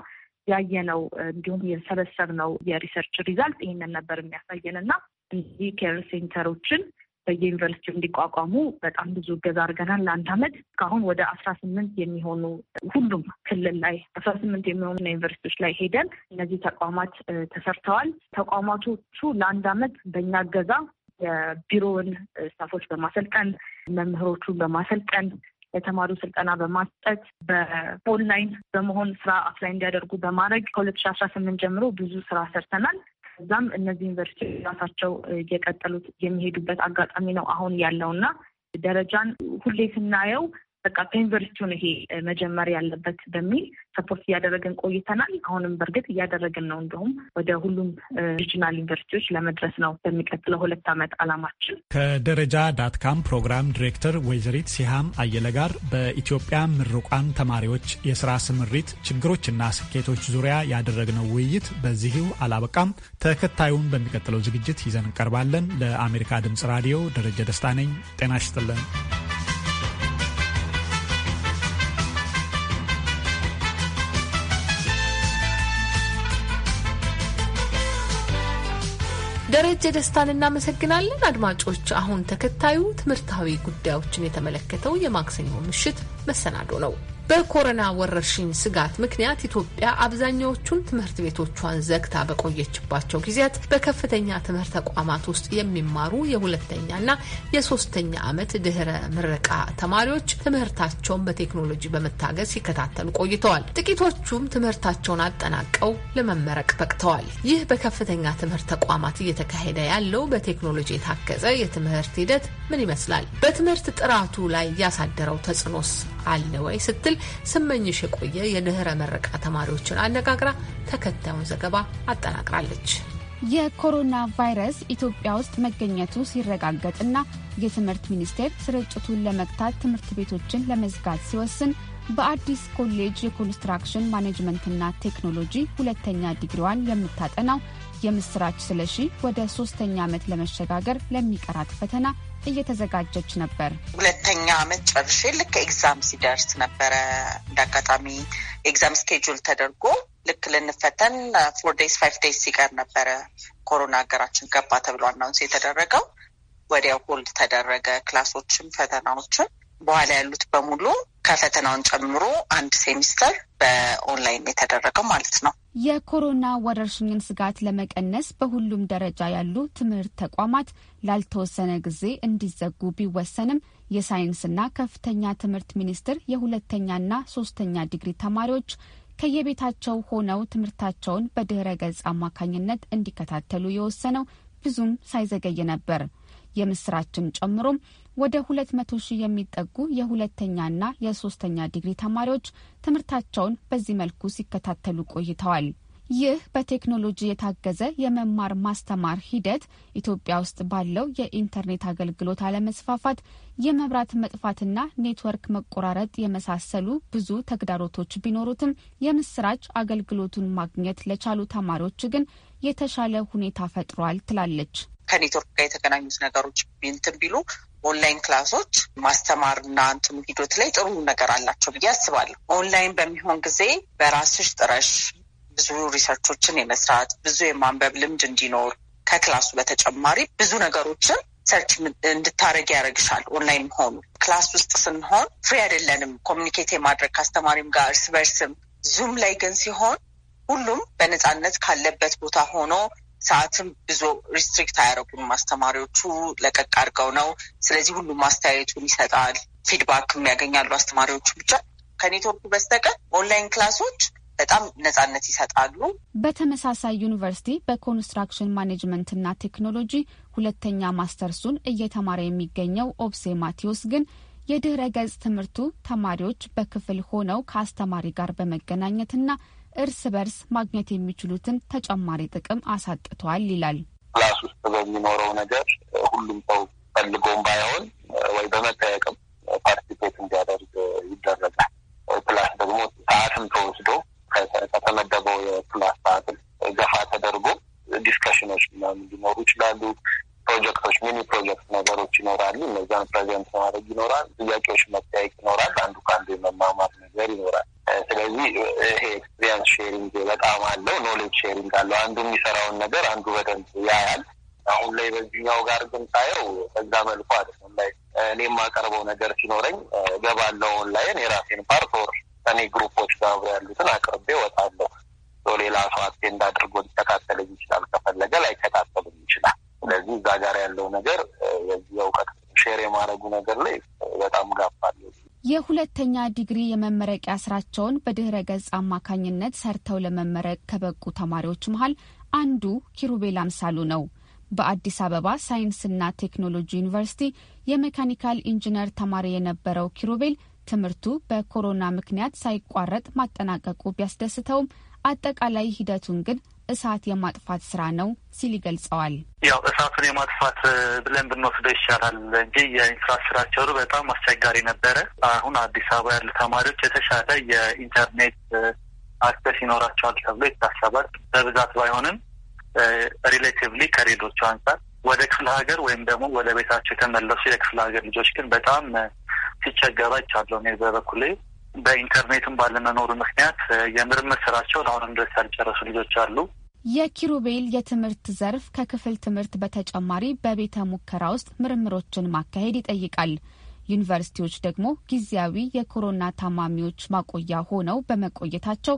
ያየነው እንዲሁም የሰበሰብነው የሪሰርች ሪዛልት ይህንን ነበር የሚያሳየን እና እነዚህ ኬር ሴንተሮችን በየዩኒቨርሲቲው እንዲቋቋሙ በጣም ብዙ እገዛ አድርገናል። ለአንድ አመት እስካሁን ወደ አስራ ስምንት የሚሆኑ ሁሉም ክልል ላይ አስራ ስምንት የሚሆኑ ዩኒቨርሲቲዎች ላይ ሄደን እነዚህ ተቋማት ተሰርተዋል። ተቋማቶቹ ለአንድ አመት በእኛ እገዛ የቢሮውን ስታፎች በማሰልጠን መምህሮቹን በማሰልጠን ለተማሪው ስልጠና በማስጠት በኦንላይን በመሆን ስራ አፕላይ እንዲያደርጉ በማድረግ ከሁለት ሺ አስራ ስምንት ጀምሮ ብዙ ስራ ሰርተናል። ከዛም እነዚህ ዩኒቨርሲቲዎች ራሳቸው እየቀጠሉት የሚሄዱበት አጋጣሚ ነው አሁን ያለውና ደረጃን ሁሌ ስናየው በቃ ከዩኒቨርሲቲውን ይሄ መጀመር ያለበት በሚል ሰፖርት እያደረግን ቆይተናል። አሁንም በእርግጥ እያደረግን ነው። እንደውም ወደ ሁሉም ሪጅናል ዩኒቨርሲቲዎች ለመድረስ ነው በሚቀጥለው ሁለት ዓመት አላማችን። ከደረጃ ዳትካም ፕሮግራም ዲሬክተር ወይዘሪት ሲሃም አየለ ጋር በኢትዮጵያ ምሩቋን ተማሪዎች የስራ ስምሪት ችግሮችና ስኬቶች ዙሪያ ያደረግነው ውይይት በዚሁ አላበቃም። ተከታዩን በሚቀጥለው ዝግጅት ይዘን እንቀርባለን። ለአሜሪካ ድምጽ ራዲዮ ደረጀ ደስታ ነኝ። ጤና ይስጥልን። ደረጀ ደስታን እናመሰግናለን። አድማጮች፣ አሁን ተከታዩ ትምህርታዊ ጉዳዮችን የተመለከተው የማክሰኞ ምሽት መሰናዶ ነው። በኮሮና ወረርሽኝ ስጋት ምክንያት ኢትዮጵያ አብዛኛዎቹን ትምህርት ቤቶቿን ዘግታ በቆየችባቸው ጊዜያት በከፍተኛ ትምህርት ተቋማት ውስጥ የሚማሩ የሁለተኛና የሶስተኛ ዓመት ድህረ ምረቃ ተማሪዎች ትምህርታቸውን በቴክኖሎጂ በመታገዝ ሲከታተሉ ቆይተዋል። ጥቂቶቹም ትምህርታቸውን አጠናቀው ለመመረቅ በቅተዋል። ይህ በከፍተኛ ትምህርት ተቋማት እየተካሄደ ያለው በቴክኖሎጂ የታገዘ የትምህርት ሂደት ምን ይመስላል? በትምህርት ጥራቱ ላይ ያሳደረው ተጽዕኖስ አለ ወይ ስትል ክፍል ስመኝሽ የቆየ የድኅረ ምረቃ ተማሪዎችን አነጋግራ ተከታዩን ዘገባ አጠናቅራለች። የኮሮና ቫይረስ ኢትዮጵያ ውስጥ መገኘቱ ሲረጋገጥና የትምህርት ሚኒስቴር ስርጭቱን ለመግታት ትምህርት ቤቶችን ለመዝጋት ሲወስን በአዲስ ኮሌጅ የኮንስትራክሽን ማኔጅመንትና ቴክኖሎጂ ሁለተኛ ዲግሪዋን የምታጠናው የምስራች ስለሺ ወደ ሶስተኛ ዓመት ለመሸጋገር ለሚቀራት ፈተና እየተዘጋጀች ነበር። ሁለተኛ አመት ጨርሼ ልክ ኤግዛም ሲደርስ ነበረ እንዳጋጣሚ ኤግዛም ስኬጁል ተደርጎ ልክ ልንፈተን ፎር ዴይስ ፋይቭ ዴይስ ሲቀር ነበረ ኮሮና ሀገራችን ገባ ተብሎ አናውንስ የተደረገው። ወዲያው ሆልድ ተደረገ ክላሶችም ፈተናዎችም። በኋላ ያሉት በሙሉ ከፈተናውን ጨምሮ አንድ ሴሚስተር በኦንላይን የተደረገው ማለት ነው። የኮሮና ወረርሽኝን ስጋት ለመቀነስ በሁሉም ደረጃ ያሉ ትምህርት ተቋማት ላልተወሰነ ጊዜ እንዲዘጉ ቢወሰንም የሳይንስና ከፍተኛ ትምህርት ሚኒስቴር የሁለተኛና ሶስተኛ ዲግሪ ተማሪዎች ከየቤታቸው ሆነው ትምህርታቸውን በድህረ ገጽ አማካኝነት እንዲከታተሉ የወሰነው ብዙም ሳይዘገይ ነበር። የምስራችን ጨምሮም ወደ 200 ሺህ የሚጠጉ የሁለተኛና የሶስተኛ ዲግሪ ተማሪዎች ትምህርታቸውን በዚህ መልኩ ሲከታተሉ ቆይተዋል። ይህ በቴክኖሎጂ የታገዘ የመማር ማስተማር ሂደት ኢትዮጵያ ውስጥ ባለው የኢንተርኔት አገልግሎት አለመስፋፋት፣ የመብራት መጥፋትና ኔትወርክ መቆራረጥ የመሳሰሉ ብዙ ተግዳሮቶች ቢኖሩትም የምስራች አገልግሎቱን ማግኘት ለቻሉ ተማሪዎች ግን የተሻለ ሁኔታ ፈጥሯል ትላለች ከኔትወርክ ጋር የተገናኙት ነገሮች እንትን ቢሉ ኦንላይን ክላሶች ማስተማርና እንትኑ ሂደት ላይ ጥሩ ነገር አላቸው ብዬ አስባለሁ። ኦንላይን በሚሆን ጊዜ በራስሽ ጥረሽ ብዙ ሪሰርቾችን የመስራት ብዙ የማንበብ ልምድ እንዲኖር ከክላሱ በተጨማሪ ብዙ ነገሮችን ሰርች እንድታደረግ ያደረግሻል። ኦንላይን መሆኑ ክላስ ውስጥ ስንሆን ፍሪ አይደለንም ኮሚኒኬት የማድረግ ከአስተማሪም ጋር እርስ በርስም። ዙም ላይ ግን ሲሆን ሁሉም በነፃነት ካለበት ቦታ ሆኖ ሰዓትም ብዙ ሪስትሪክት አያደረጉም አስተማሪዎቹ ለቀቅ አድርገው ነው። ስለዚህ ሁሉም አስተያየቱን ይሰጣል። ፊድባክም ያገኛሉ አስተማሪዎቹ ብቻ ከኔትወርኩ በስተቀር ኦንላይን ክላሶች በጣም ነጻነት ይሰጣሉ። በተመሳሳይ ዩኒቨርሲቲ በኮንስትራክሽን ማኔጅመንትና ቴክኖሎጂ ሁለተኛ ማስተርሱን እየተማረ የሚገኘው ኦብሴ ማቴዎስ ግን የድህረ ገጽ ትምህርቱ ተማሪዎች በክፍል ሆነው ከአስተማሪ ጋር በመገናኘትና እርስ በርስ ማግኘት የሚችሉትን ተጨማሪ ጥቅም አሳጥቷል ይላል። ክላስ ውስጥ በሚኖረው ነገር ሁሉም ሰው ፈልጎም ባይሆን ወይ በመጠየቅም ፓርቲፔት እንዲያደርግ ዲግሪ የመመረቂያ ስራቸውን በድህረ ገጽ አማካኝነት ሰርተው ለመመረቅ ከበቁ ተማሪዎች መሀል አንዱ ኪሩቤል አምሳሉ ነው። በአዲስ አበባ ሳይንስና ቴክኖሎጂ ዩኒቨርሲቲ የሜካኒካል ኢንጂነር ተማሪ የነበረው ኪሩቤል ትምህርቱ በኮሮና ምክንያት ሳይቋረጥ ማጠናቀቁ ቢያስደስተውም አጠቃላይ ሂደቱን ግን እሳት የማጥፋት ስራ ነው ሲል ይገልጸዋል። ያው እሳቱን የማጥፋት ብለን ብንወስደ ይሻላል እንጂ የኢንፍራስትራክቸሩ በጣም አስቸጋሪ ነበረ። አሁን አዲስ አበባ ያሉ ተማሪዎች የተሻለ የኢንተርኔት አክሰስ ይኖራቸዋል ተብሎ ይታሰባል። በብዛት ባይሆንም ሪሌቲቭሊ ከሌሎቹ አንጻር ወደ ክፍለ ሀገር ወይም ደግሞ ወደ ቤታቸው የተመለሱ የክፍለ ሀገር ልጆች ግን በጣም ሲቸገራ ይቻለሁ። እኔ በበኩሌ በኢንተርኔትም ባለመኖሩ ምክንያት የምርምር ስራቸውን አሁንም ድረስ ያልጨረሱ ልጆች አሉ። የኪሩቤል የትምህርት ዘርፍ ከክፍል ትምህርት በተጨማሪ በቤተ ሙከራ ውስጥ ምርምሮችን ማካሄድ ይጠይቃል። ዩኒቨርሲቲዎች ደግሞ ጊዜያዊ የኮሮና ታማሚዎች ማቆያ ሆነው በመቆየታቸው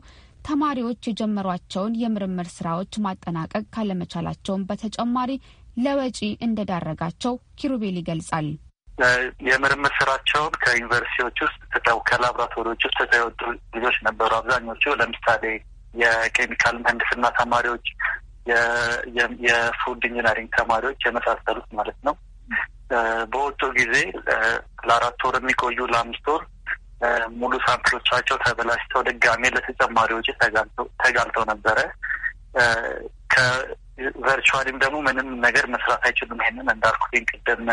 ተማሪዎች የጀመሯቸውን የምርምር ስራዎች ማጠናቀቅ ካለመቻላቸውን በተጨማሪ ለወጪ እንደዳረጋቸው ኪሩቤል ይገልጻል። የምርምር ስራቸውን ከዩኒቨርሲቲዎች ውስጥ ተው ከላብራቶሪዎች ውስጥ የተወጡ ልጆች ነበሩ። አብዛኞቹ ለምሳሌ የኬሚካል ምህንድስና ተማሪዎች፣ የፉድ ኢንጂነሪንግ ተማሪዎች የመሳሰሉት ማለት ነው። በወጡ ጊዜ ለአራት ወር የሚቆዩ ለአምስት ወር ሙሉ ሳምፕሎቻቸው ተበላሽተው ድጋሜ ለተጨማሪዎች ተጋልተው ነበረ። ከቨርቹዋሊም ደግሞ ምንም ነገር መስራት አይችሉም። ይሄንን እንዳልኩት ቅድም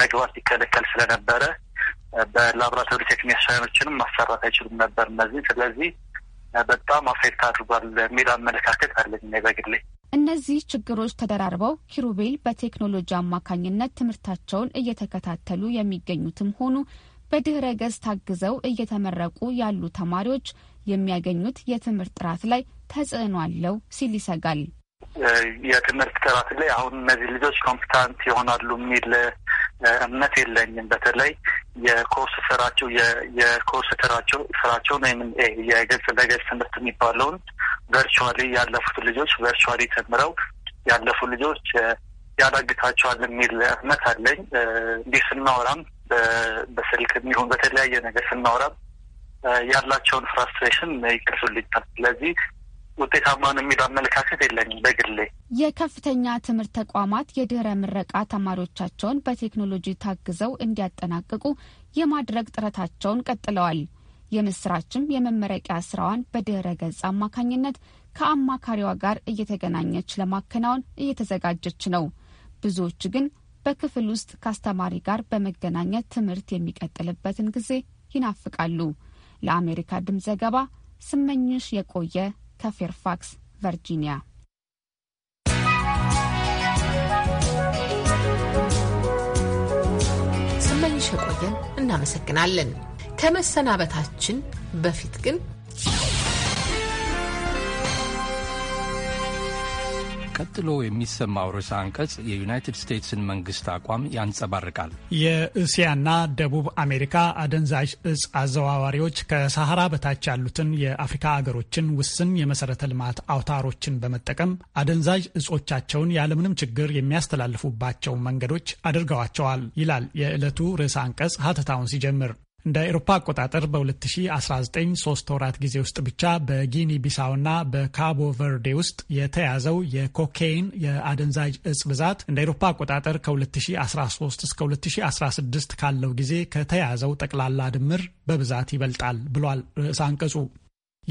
መግባት ይከለከል ስለነበረ በላቦራቶሪ ቴክኒሽያኖችንም ማሰራት አይችሉም ነበር እነዚህ ስለዚህ በጣም አፌክት አድርጓል የሚል አመለካከት አለኝ በግሌ። እነዚህ ችግሮች ተደራርበው ኪሩቤል በቴክኖሎጂ አማካኝነት ትምህርታቸውን እየተከታተሉ የሚገኙትም ሆኑ በድህረ ገጽ ታግዘው እየተመረቁ ያሉ ተማሪዎች የሚያገኙት የትምህርት ጥራት ላይ ተጽዕኖ አለው ሲል ይሰጋል። የትምህርት ጥራት ላይ አሁን እነዚህ ልጆች ኮምፒታንት ይሆናሉ የሚል እምነት የለኝም። በተለይ የኮርስ ስራቸው የኮርስ ስራቸው ስራቸውን ወይም የገጽ ለገጽ ትምህርት የሚባለውን ቨርቹዋሊ ያለፉት ልጆች ቨርቹዋሊ ተምረው ያለፉ ልጆች ያዳግታቸዋል የሚል እምነት አለኝ። እንዲህ ስናወራም በስልክ የሚሆን በተለያየ ነገር ስናወራም ያላቸውን ፍራስትሬሽን ይቀርሱልኛል። ስለዚህ ውጤታማ ነው የሚል አመለካከት የለኝም በግሌ። የከፍተኛ ትምህርት ተቋማት የድህረ ምረቃ ተማሪዎቻቸውን በቴክኖሎጂ ታግዘው እንዲያጠናቅቁ የማድረግ ጥረታቸውን ቀጥለዋል። የምስራችም የመመረቂያ ስራዋን በድህረ ገጽ አማካኝነት ከአማካሪዋ ጋር እየተገናኘች ለማከናወን እየተዘጋጀች ነው። ብዙዎች ግን በክፍል ውስጥ ከአስተማሪ ጋር በመገናኘት ትምህርት የሚቀጥልበትን ጊዜ ይናፍቃሉ። ለአሜሪካ ድምፅ ዘገባ ስመኝሽ የቆየ ከፌርፋክስ ቨርጂኒያ። ስመኝሽ የቆየን እናመሰግናለን። ከመሰናበታችን በፊት ግን ቀጥሎ የሚሰማው ርዕሰ አንቀጽ የዩናይትድ ስቴትስን መንግስት አቋም ያንጸባርቃል። የእስያና ደቡብ አሜሪካ አደንዛዥ እጽ አዘዋዋሪዎች ከሳሃራ በታች ያሉትን የአፍሪካ አገሮችን ውስን የመሰረተ ልማት አውታሮችን በመጠቀም አደንዛዥ እጾቻቸውን ያለምንም ችግር የሚያስተላልፉባቸው መንገዶች አድርገዋቸዋል ይላል የዕለቱ ርዕሰ አንቀጽ ሀተታውን ሲጀምር እንደ ኤሮፓ አቆጣጠር በ2019 ሶስት ወራት ጊዜ ውስጥ ብቻ በጊኒ ቢሳውና በካቦ ቨርዴ ውስጥ የተያዘው የኮኬይን የአደንዛዥ እጽ ብዛት እንደ ኤሮፓ አቆጣጠር ከ2013 እስከ 2016 ካለው ጊዜ ከተያዘው ጠቅላላ ድምር በብዛት ይበልጣል ብሏል ርዕሰ አንቀጹ።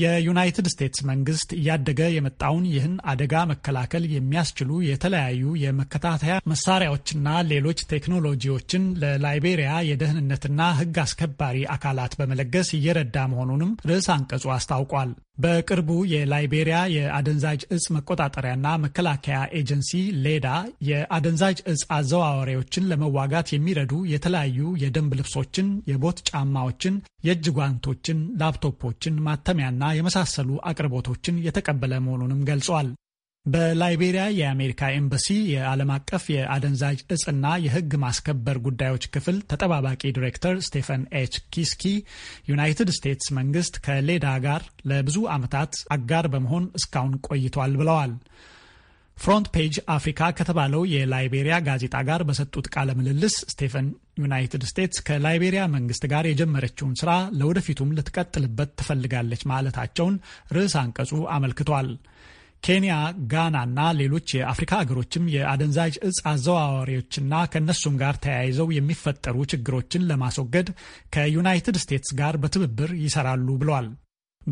የዩናይትድ ስቴትስ መንግስት እያደገ የመጣውን ይህን አደጋ መከላከል የሚያስችሉ የተለያዩ የመከታተያ መሳሪያዎችና ሌሎች ቴክኖሎጂዎችን ለላይቤሪያ የደህንነትና ሕግ አስከባሪ አካላት በመለገስ እየረዳ መሆኑንም ርዕስ አንቀጹ አስታውቋል። በቅርቡ የላይቤሪያ የአደንዛዥ እጽ መቆጣጠሪያና መከላከያ ኤጀንሲ ሌዳ የአደንዛዥ እጽ አዘዋዋሪዎችን ለመዋጋት የሚረዱ የተለያዩ የደንብ ልብሶችን፣ የቦት ጫማዎችን፣ የእጅ ጓንቶችን፣ ላፕቶፖችን ማተሚያና የመሳሰሉ አቅርቦቶችን የተቀበለ መሆኑንም ገልጿል። በላይቤሪያ የአሜሪካ ኤምባሲ የዓለም አቀፍ የአደንዛዥ እጽና የሕግ ማስከበር ጉዳዮች ክፍል ተጠባባቂ ዲሬክተር ስቴፈን ኤች ኪስኪ ዩናይትድ ስቴትስ መንግስት ከሌዳ ጋር ለብዙ ዓመታት አጋር በመሆን እስካሁን ቆይቷል ብለዋል። ፍሮንት ፔጅ አፍሪካ ከተባለው የላይቤሪያ ጋዜጣ ጋር በሰጡት ቃለ ምልልስ ስቴፈን ዩናይትድ ስቴትስ ከላይቤሪያ መንግስት ጋር የጀመረችውን ስራ ለወደፊቱም ልትቀጥልበት ትፈልጋለች ማለታቸውን ርዕስ አንቀጹ አመልክቷል። ኬንያ፣ ጋና እና ሌሎች የአፍሪካ ሀገሮችም የአደንዛዥ እጽ አዘዋዋሪዎችና ከእነሱም ጋር ተያይዘው የሚፈጠሩ ችግሮችን ለማስወገድ ከዩናይትድ ስቴትስ ጋር በትብብር ይሰራሉ ብለዋል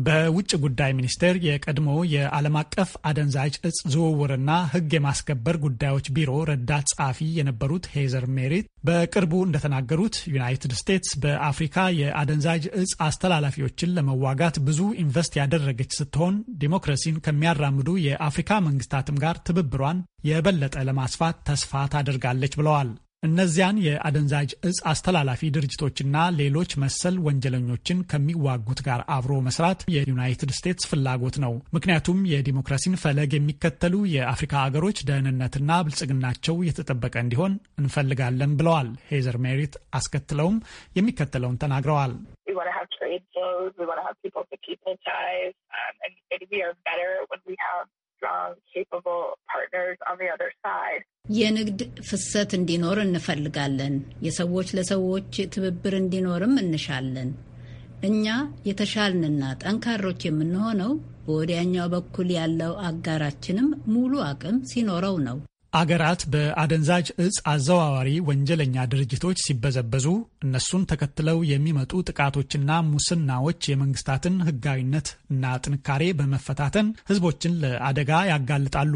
በውጭ ጉዳይ ሚኒስቴር የቀድሞ የዓለም አቀፍ አደንዛዥ እጽ ዝውውርና ሕግ የማስከበር ጉዳዮች ቢሮ ረዳት ጸሐፊ የነበሩት ሄዘር ሜሪት በቅርቡ እንደተናገሩት ዩናይትድ ስቴትስ በአፍሪካ የአደንዛዥ እጽ አስተላላፊዎችን ለመዋጋት ብዙ ኢንቨስት ያደረገች ስትሆን ዲሞክራሲን ከሚያራምዱ የአፍሪካ መንግስታትም ጋር ትብብሯን የበለጠ ለማስፋት ተስፋ ታደርጋለች ብለዋል። እነዚያን የአደንዛዥ እጽ አስተላላፊ ድርጅቶችና ሌሎች መሰል ወንጀለኞችን ከሚዋጉት ጋር አብሮ መስራት የዩናይትድ ስቴትስ ፍላጎት ነው። ምክንያቱም የዲሞክራሲን ፈለግ የሚከተሉ የአፍሪካ ሀገሮች ደህንነትና ብልጽግናቸው የተጠበቀ እንዲሆን እንፈልጋለን ብለዋል ሄዘር ሜሪት። አስከትለውም የሚከተለውን ተናግረዋል። Um, የንግድ ፍሰት እንዲኖር እንፈልጋለን። የሰዎች ለሰዎች ትብብር እንዲኖርም እንሻለን። እኛ የተሻልንና ጠንካሮች የምንሆነው በወዲያኛው በኩል ያለው አጋራችንም ሙሉ አቅም ሲኖረው ነው። አገራት በአደንዛጅ እጽ አዘዋዋሪ ወንጀለኛ ድርጅቶች ሲበዘበዙ እነሱን ተከትለው የሚመጡ ጥቃቶችና ሙስናዎች የመንግስታትን ህጋዊነት እና ጥንካሬ በመፈታተን ህዝቦችን ለአደጋ ያጋልጣሉ።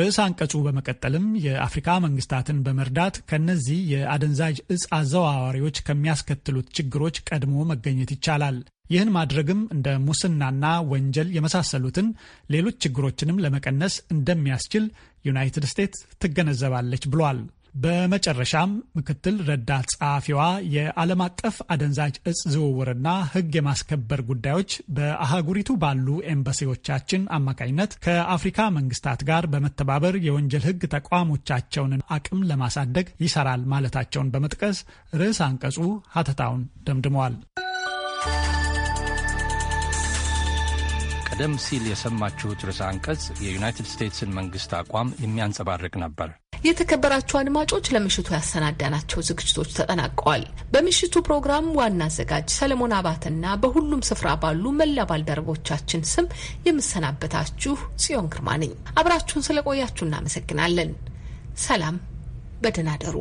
ርዕስ አንቀጹ በመቀጠልም የአፍሪካ መንግስታትን በመርዳት ከነዚህ የአደንዛዥ እጽ አዘዋዋሪዎች ከሚያስከትሉት ችግሮች ቀድሞ መገኘት ይቻላል። ይህን ማድረግም እንደ ሙስናና ወንጀል የመሳሰሉትን ሌሎች ችግሮችንም ለመቀነስ እንደሚያስችል ዩናይትድ ስቴትስ ትገነዘባለች ብሏል። በመጨረሻም ምክትል ረዳት ጸሐፊዋ የዓለም አቀፍ አደንዛዥ እጽ ዝውውርና ሕግ የማስከበር ጉዳዮች በአህጉሪቱ ባሉ ኤምባሲዎቻችን አማካኝነት ከአፍሪካ መንግስታት ጋር በመተባበር የወንጀል ሕግ ተቋሞቻቸውን አቅም ለማሳደግ ይሰራል ማለታቸውን በመጥቀስ ርዕስ አንቀጹ ሀተታውን ደምድመዋል። ቀደም ሲል የሰማችሁት ርዕሰ አንቀጽ የዩናይትድ ስቴትስን መንግስት አቋም የሚያንጸባርቅ ነበር። የተከበራችሁ አድማጮች ለምሽቱ ያሰናዳናቸው ዝግጅቶች ተጠናቀዋል። በምሽቱ ፕሮግራም ዋና አዘጋጅ ሰለሞን አባትና በሁሉም ስፍራ ባሉ መላ ባልደረቦቻችን ስም የምሰናበታችሁ ጽዮን ግርማ ነኝ። አብራችሁን ስለቆያችሁ እናመሰግናለን። ሰላም፣ በደህና ደሩ።